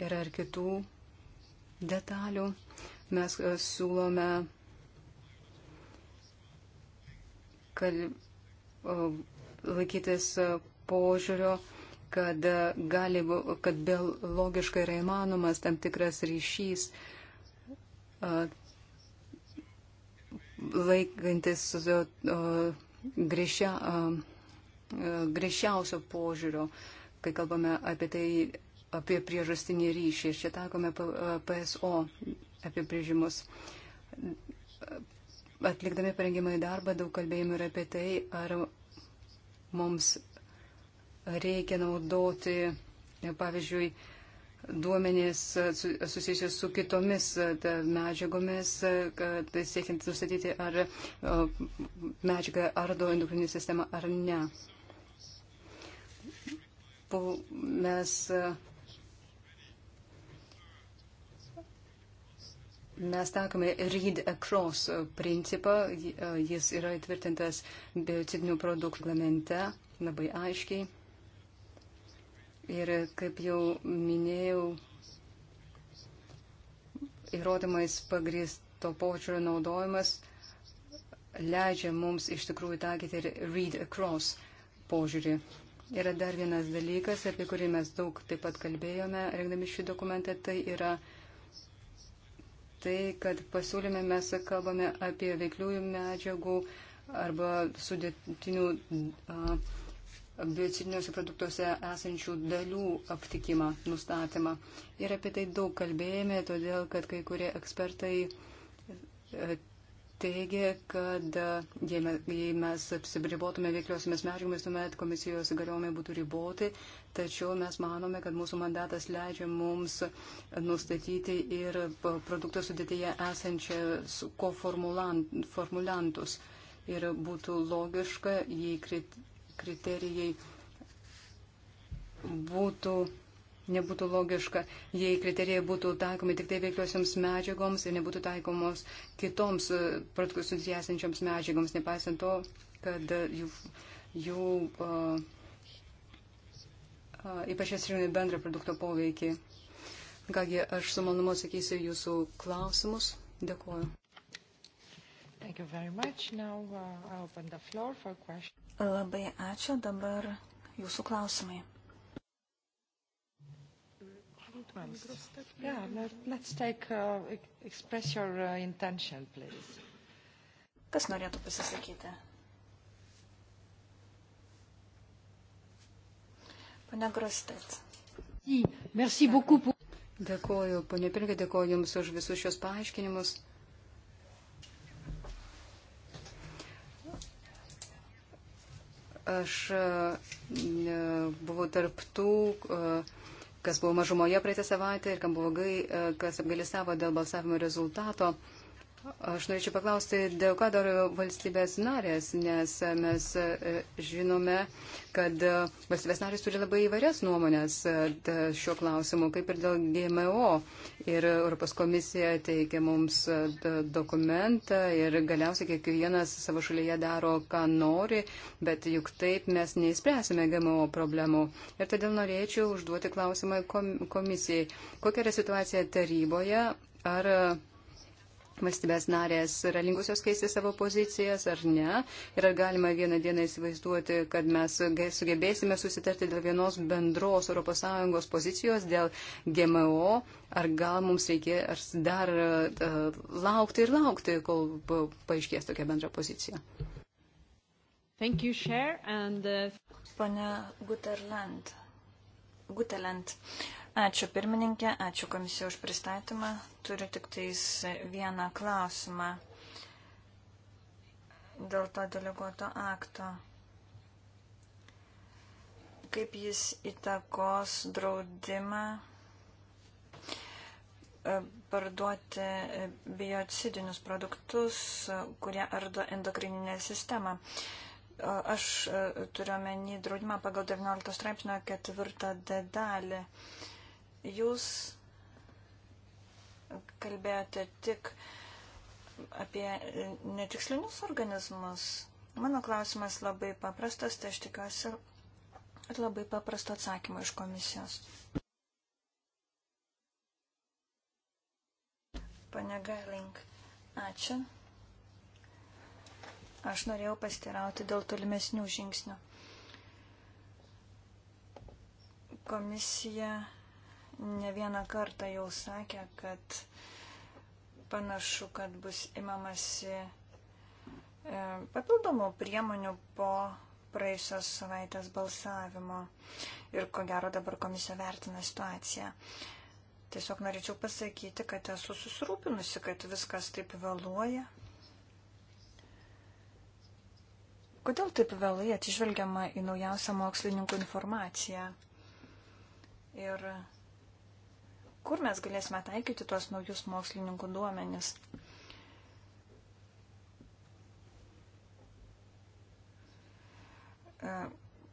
yra ir kitų detalių. Mes uh, siūlome kal, uh, laikytis uh, požiūrio. Uh, kad, e, gali, kad biologiškai yra įmanomas tam tikras ryšys e, laikantis e, grįžčiausio požiūrio, kai kalbame apie tai, apie priežastinį ryšį. Ir čia takome PSO apibrėžimus. Atlikdami parengimą į darbą daug kalbėjimų yra apie tai, ar mums reikia naudoti, pavyzdžiui, duomenys susijusios su kitomis e, medžiagomis, e, kad siekiant nustatyti, ar e, medžiaga ardo endokrininį sistemą ar ne. Mes, mes takome read across principą, jis yra įtvirtintas biocidinių produktų reglamente labai aiškiai. Ir kaip jau minėjau, įrodymais pagristo počiūrio naudojimas leidžia mums iš tikrųjų taikyti ir read across požiūrį. Yra dar vienas dalykas, apie kurį mes daug taip pat kalbėjome, rengdami šį dokumentą, tai yra tai, kad pasiūlyme mes kalbame apie veikliųjų medžiagų arba sudėtinių. Uh, biocidiniuose produktuose esančių dalių aptikimą, nustatymą. Ir apie tai daug kalbėjome, todėl kad kai kurie ekspertai e, teigia, kad e, jei mes apsibribotume veikliosiamis medžiagomis, tuomet komisijos įgaliojimai būtų riboti, tačiau mes manome, kad mūsų mandatas leidžia mums nustatyti ir e, produkto sudėtyje esančias koformulantus. Koformulant, ir būtų logiška, jei kriterijai būtų, nebūtų logiška, jei kriterijai būtų taikomi tik tai veikliosiams medžiagoms ir nebūtų taikomos kitoms e, produktus esančioms medžiagoms, nepaisant to, kad jų, jų uh, uh, ypač atsirinkti bendrą produkto poveikį. Kągi, aš su malonumu atsakysiu jūsų klausimus. Dėkuoju. Thank you very much. Now uh, I open the floor for questions. Labai ačiū. Dabar jūsų klausimai. Yeah, let's take, uh, express your uh, intention, please. Kas norėtų pasisakyti? Pane Grostet. Merci beaucoup. Dėkoju, ponė Pirga, dėkoju Jums už visus šios paaiškinimus. Aš e, buvau tarptų, e, kas buvo mažumoje praeitą savaitę ir kam buvo gai, e, kas apgalėsavo dėl balsavimo rezultato. Aš norėčiau paklausti, dėl ką daro valstybės narės, nes mes e, žinome, kad e, valstybės narės turi labai įvairias nuomonės e, šiuo klausimu, kaip ir dėl GMO. Ir Europos komisija teikia mums dokumentą ir galiausiai kiekvienas savo šalyje daro, ką nori, bet juk taip mes neįspręsime GMO problemų. Ir todėl norėčiau užduoti klausimą komisijai. Kokia yra situacija taryboje? Ar valstybės narės yra linkusios keisti savo pozicijas ar ne. Ir ar galima vieną dieną įsivaizduoti, kad mes sugebėsime susitarti dėl vienos bendros ES pozicijos, dėl GMO, ar gal mums reikia ar dar uh, laukti ir laukti, kol paaiškės tokia bendra pozicija. Thank you, Cher, and, uh... Pane Guterland. Guterland. Uh, Ačiū pirmininkė, ačiū komisija už pristatymą. Turiu tik tais vieną klausimą dėl to deleguoto akto. Kaip jis įtakos draudimą e, parduoti biocidinius produktus, kurie ardo endokrininę sistemą? Aš e, turiu omeny draudimą pagal 19 straipsnio ketvirtą dalį. De Jūs kalbėjote tik apie netikslinius organizmus. Mano klausimas labai paprastas, tai aš tikiuosi ir labai paprasto atsakymo iš komisijos. Pane Garling, ačiū. Aš norėjau pastirauti dėl tolimesnių žingsnių. Komisija ne vieną kartą jau sakė, kad panašu, kad bus imamasi e, papildomų priemonių po praėjusios savaitės balsavimo. Ir ko gero dabar komisija vertina situaciją. Tiesiog norėčiau pasakyti, kad esu susirūpinusi, kad viskas taip vėluoja. Kodėl taip vėlai atsižvelgiama į naujausią mokslininkų informaciją? Ir kur mes galėsime taikyti tuos naujus mokslininkų duomenis. E,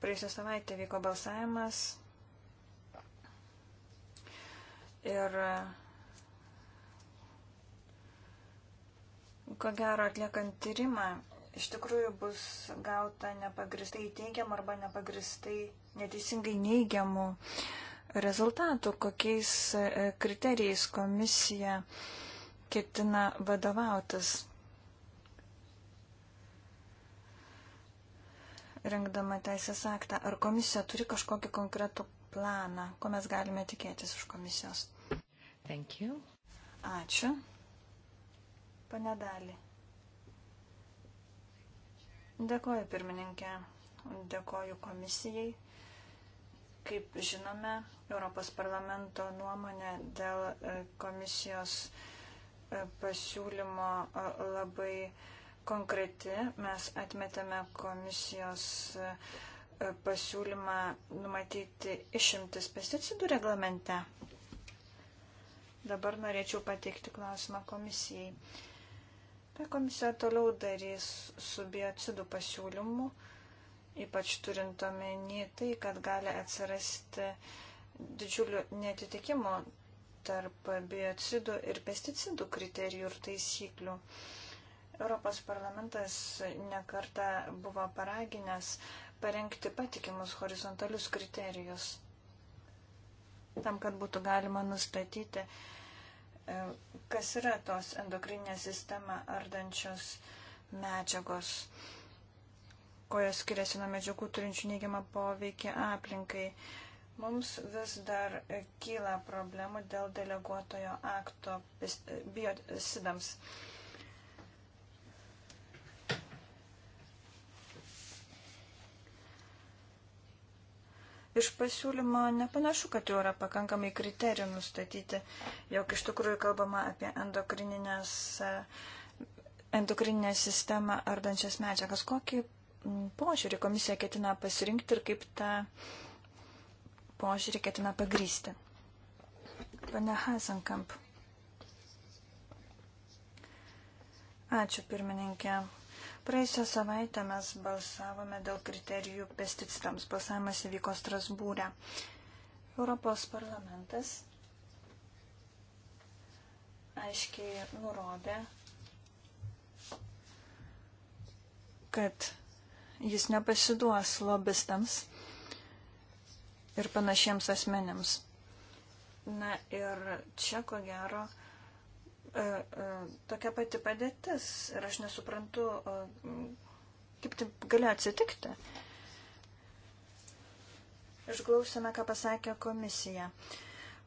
Praėjusią savaitę vyko balsavimas ir e, ko gero atliekant tyrimą iš tikrųjų bus gauta nepagristai teigiamų arba nepagristai neteisingai neigiamų uh, rezultatų, kokiais e, kriterijais komisija ketina vadovautis, rengdama teisės aktą. Ar komisija turi kažkokį konkretų planą, ko mes galime tikėtis iš komisijos? Thank you. Ačiū. Pane Dali. Dėkoju pirmininkė, dėkoju komisijai Kaip žinome, Europos parlamento nuomonė dėl e, komisijos e, pasiūlymo e, labai konkreti. Mes atmetėme komisijos pasiūlymą numatyti išimtis pesticidų reglamente. Dabar norėčiau pateikti klausimą komisijai. Ką komisija toliau darys su biocidų pasiūlymu? ypač turint omeny tai, kad gali atsirasti didžiulių netitikimų tarp biocidų ir pesticidų kriterijų ir taisyklių. Europos parlamentas nekarta buvo paraginęs parengti patikimus horizontalius kriterijus, tam, kad būtų galima nustatyti, e, kas yra tos endokrinės sistemą ardančios medžiagos kuo jos skiriasi nuo medžiagų turinčių neigiamą poveikį aplinkai. Mums vis dar kyla problemų dėl deleguotojo akto biosidams. Iš pasiūlymo nepanašu, kad jau yra pakankamai kriterijų nustatyti, jog iš tikrųjų kalbama apie endokrininės endokrininę sistemą ardančias medžiagas. Kokį požiūrį komisija ketina pasirinkti ir kaip tą požiūrį ketina pagrysti. Pane Hasenkamp. Ačiū pirmininkė. Praėjusią savaitę mes balsavome dėl kriterijų pesticidams. Balsavimas įvyko Strasbūrė. Europos parlamentas aiškiai nurodė, kad jis nepasiduos lobistams ir panašiems asmenėms. Na ir čia, ko gero, e, e, tokia pati padėtis ir aš nesuprantu, kaip tai gali atsitikti. Išklausime, ką pasakė komisija.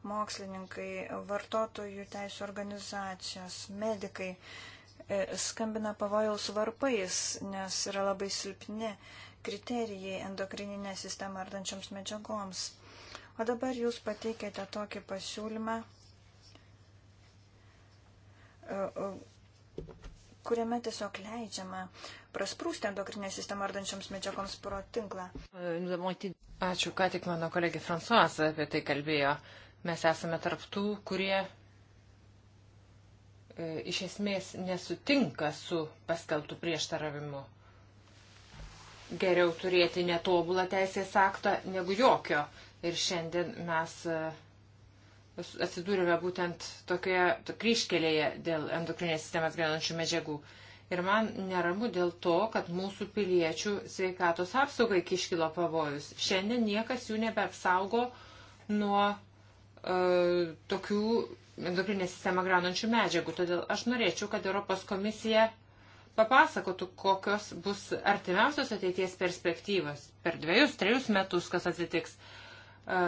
Mokslininkai, vartotojų teisų organizacijos, medikai. Uh, E, skambina pavojaus varpais, nes yra labai silpni kriterijai endokrininę sistemą ardančioms medžiagoms. O dabar jūs pateikėte tokį pasiūlymą, e, kuriame tiesiog leidžiama prasprūsti endokrinę sistemą ardančioms medžiagoms pro tinklą. Ačiū, ką tik mano kolegė Fransuas apie tai kalbėjo. Mes esame tarptų, kurie E, iš esmės nesutinka su paskeltų prieštaravimu. Geriau turėti netobulą teisės aktą negu jokio. Ir šiandien mes e, atsidūrėme būtent tokioje kryškelėje dėl endokrinės sistemas gyvenančių medžiagų. Ir man neramu dėl to, kad mūsų piliečių sveikatos apsaugai iškilo pavojus. Šiandien niekas jų nebeapsaugo nuo uh, tokių endokrinę sistemą graunančių medžiagų. Todėl aš norėčiau, kad Europos komisija papasakotų, kokios bus artimiausios ateities perspektyvos per dviejus, trejus metus, kas atsitiks, e,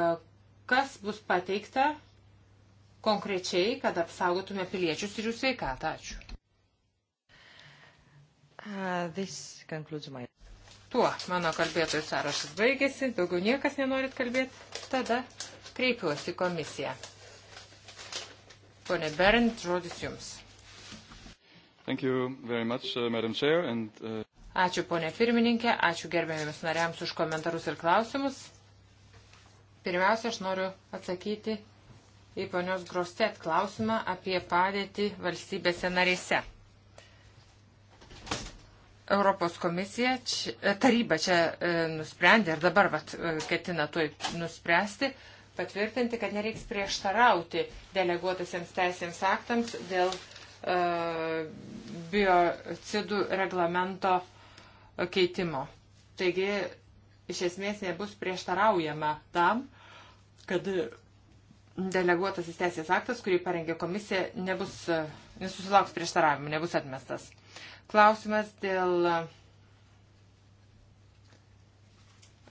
kas bus pateikta konkrečiai, kad apsaugotume piliečius ir jų sveikatą. Ačiū. Uh, my... Tuo mano kalbėtojų sąrašas baigėsi, daugiau niekas nenorit kalbėti, tada kreipiuosi komisiją. Pone Bernd, žodis Jums. Much, uh, Chair, and, uh... Ačiū ponė pirmininkė, ačiū gerbėmiams nariams už komentarus ir klausimus. Pirmiausia, aš noriu atsakyti į ponios Grostet klausimą apie padėtį valstybėse narėse. Europos komisija, taryba čia e, nusprendė ir dabar vat, e, ketina tuoj nuspręsti, patvirtinti, kad nereiks prieštarauti deleguotusiems teisėms aktams dėl e, biocidų reglamento keitimo. Taigi, iš esmės nebus prieštaraujama tam, kad deleguotasis teisės aktas, kurį parengė komisija, nebus, nesusilauks prieštaravimų, nebus atmestas. Klausimas dėl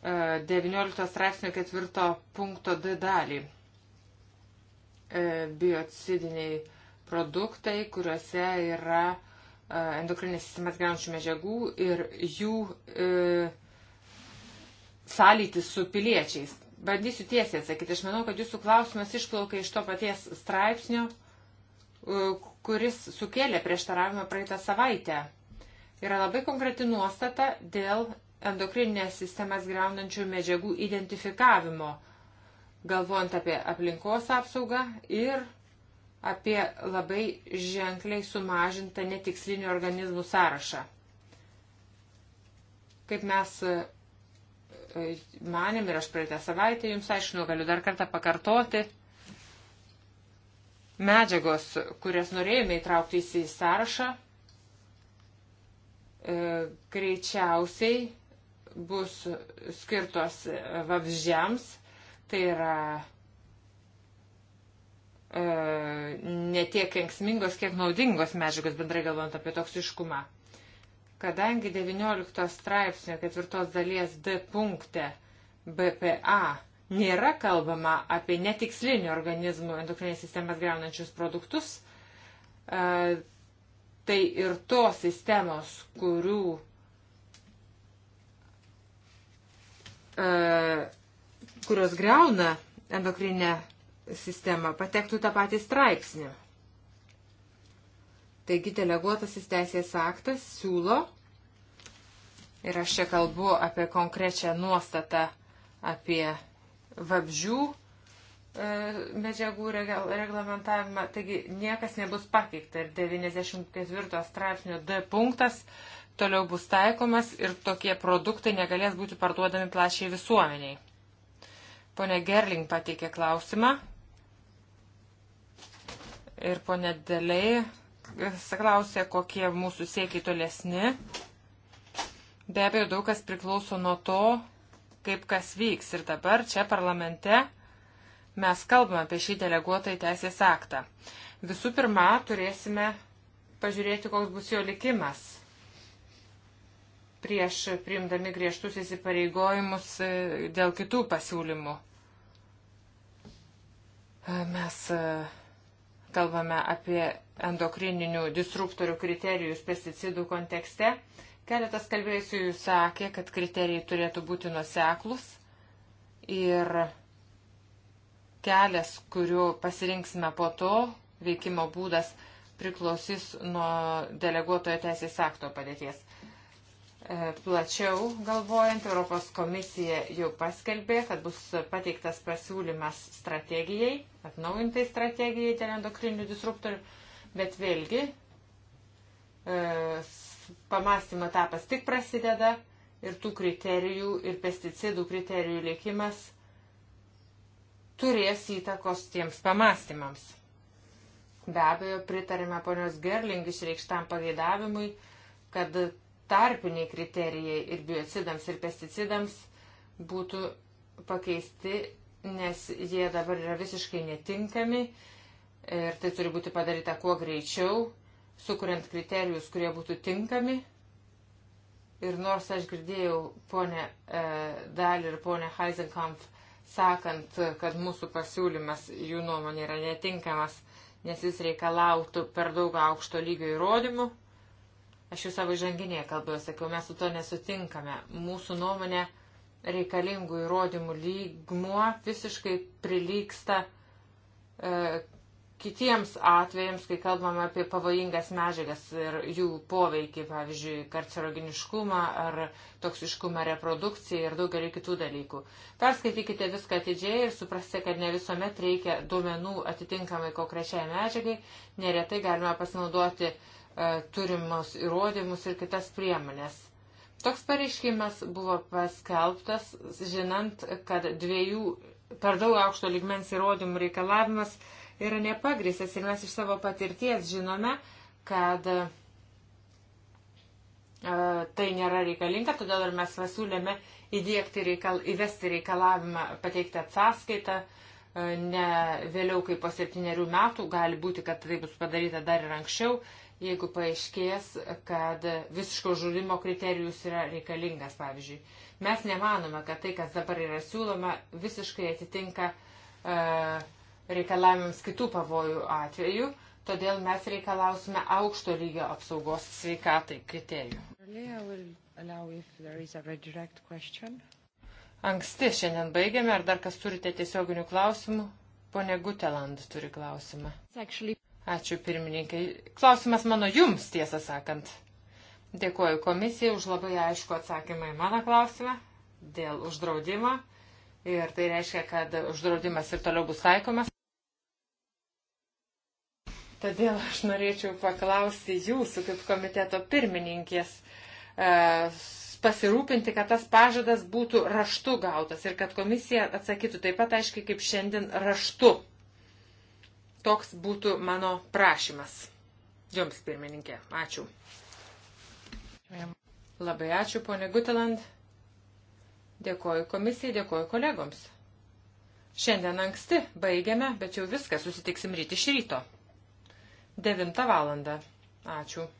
19 straipsnio 4 punkto D dalį. E, biocidiniai produktai, kuriuose yra e, endokrinės sistemas gyvenančių medžiagų ir jų e, sąlytis su piliečiais. Bandysiu tiesiai atsakyti. Aš manau, kad jūsų klausimas išplaukia iš to paties straipsnio, e, kuris sukėlė prieštaravimą praeitą savaitę. Yra labai konkreti nuostata dėl endokrininės sistemas greunančių medžiagų identifikavimo, galvojant apie aplinkos apsaugą ir apie labai ženkliai sumažintą netikslinių organizmų sąrašą. Kaip mes e, e, manėm ir aš praeitą savaitę jums aiškinau, nu, galiu dar kartą pakartoti, medžiagos, kurias norėjome įtraukti į sąrašą, e, greičiausiai bus skirtos vabžiams, tai yra e, ne tiek kenksmingos, kiek naudingos medžiagos, bendrai galvant apie toksiškumą. Kadangi 19 straipsnio ketvirtos dalies D punkte BPA nėra kalbama apie netikslinių organizmų endokrinės sistemas greunančius produktus, e, tai ir tos sistemos, kurių kurios greuna endokrinę sistemą, patektų tą patį straipsnį. Taigi deleguotasis teisės aktas siūlo, ir aš čia kalbu apie konkrečią nuostatą apie vabžių e, medžiagų reglamentavimą, taigi niekas nebus pakeikta ir 94 straipsnio D punktas uh, toliau bus taikomas ir tokie produktai negalės būti parduodami plačiai visuomeniai. Pone Gerling pateikė klausimą ir pone Deliai e, klausė, kokie mūsų siekiai tolesni. Be abejo, daug kas priklauso nuo to, kaip kas vyks. Ir dabar čia parlamente mes kalbame apie šį deleguotą į teisės aktą. Visų pirma, turėsime pažiūrėti, koks bus jo likimas prieš priimdami griežtus įsipareigojimus e, dėl kitų pasiūlymų. E, mes e, kalbame apie endokrininių disruptorių kriterijus pesticidų kontekste. Keletas kalbėjusių sakė, kad kriterijai turėtų būti nuseklus ir kelias, kuriuo pasirinksime po to, veikimo būdas priklausys nuo deleguotojo teisės akto padėties. E, plačiau galvojant, Europos komisija jau paskelbė, kad bus pateiktas pasiūlymas strategijai, atnaujintai strategijai dėl endokrinių disruptorių, bet vėlgi e, pamastymo etapas tik prasideda ir tų kriterijų ir pesticidų kriterijų likimas turės įtakos tiems pamastymams. Be abejo, pritarime ponios Gerling išreikštam pageidavimui, kad tarpiniai kriterijai ir biocidams, ir pesticidams būtų pakeisti, nes jie dabar yra visiškai netinkami ir tai turi būti padaryta kuo greičiau, sukuriant kriterijus, kurie būtų tinkami. Ir nors aš girdėjau ponę e, Dalį ir ponę Heisenkampf sakant, kad mūsų pasiūlymas jų nuomonė yra netinkamas, nes jis reikalautų per daug aukšto lygio įrodymų, Aš jau savo žanginėje kalboje sakiau, mes su to nesutinkame. Mūsų nuomonė reikalingų įrodymų lygmuo visiškai prilyksta e, kitiems atvejams, kai kalbame apie pavojingas medžiagas ir jų poveikį, pavyzdžiui, karceroginiškumą ar toksiškumą reprodukcijai ir daugelį kitų dalykų. Perskaitykite viską atidžiai ir suprasite, kad ne visuomet reikia duomenų atitinkamai konkrečiai medžiagai, neretai galima pasinaudoti uh, E, turimus įrodymus ir kitas priemonės. Toks pareiškimas buvo paskelbtas, žinant, kad dviejų per daug aukšto ligmens įrodymų reikalavimas yra nepagrisęs ir mes iš savo patirties žinome, kad e, tai nėra reikalinga, todėl ir mes pasiūlėme įdėkti reikal, įvesti reikalavimą pateikti atsaskaitą, e, ne vėliau kaip po septyniarių metų, gali būti, kad tai bus padaryta dar ir anksčiau, jeigu paaiškės, kad visiško žudimo kriterijus yra reikalingas, pavyzdžiui. Mes nemanome, kad tai, kas dabar yra siūloma, visiškai atitinka uh, reikalavimams kitų pavojų atveju, todėl mes reikalausime aukšto lygio apsaugos sveikatai kriterijų. Anksti šiandien baigiame, ar dar kas turite tiesioginių klausimų? Pone Guteland turi klausimą. Actually... Ačiū pirmininkai. Klausimas mano jums, tiesą sakant. Dėkuoju komisijai už labai aišku atsakymą į mano klausimą dėl uždraudimo. Ir tai reiškia, kad uždraudimas ir toliau bus taikomas. Todėl aš norėčiau paklausti jūsų kaip komiteto pirmininkės e, pasirūpinti, kad tas pažadas būtų raštu gautas ir kad komisija atsakytų taip pat aiškiai kaip šiandien raštu Toks būtų mano prašymas. Jums, pirmininkė, ačiū. Labai ačiū, ponė Guteland. Dėkoju komisijai, dėkoju kolegoms. Šiandien anksti baigiame, bet jau viską susitiksim ryte iš ryto. 9 valandą. Ačiū.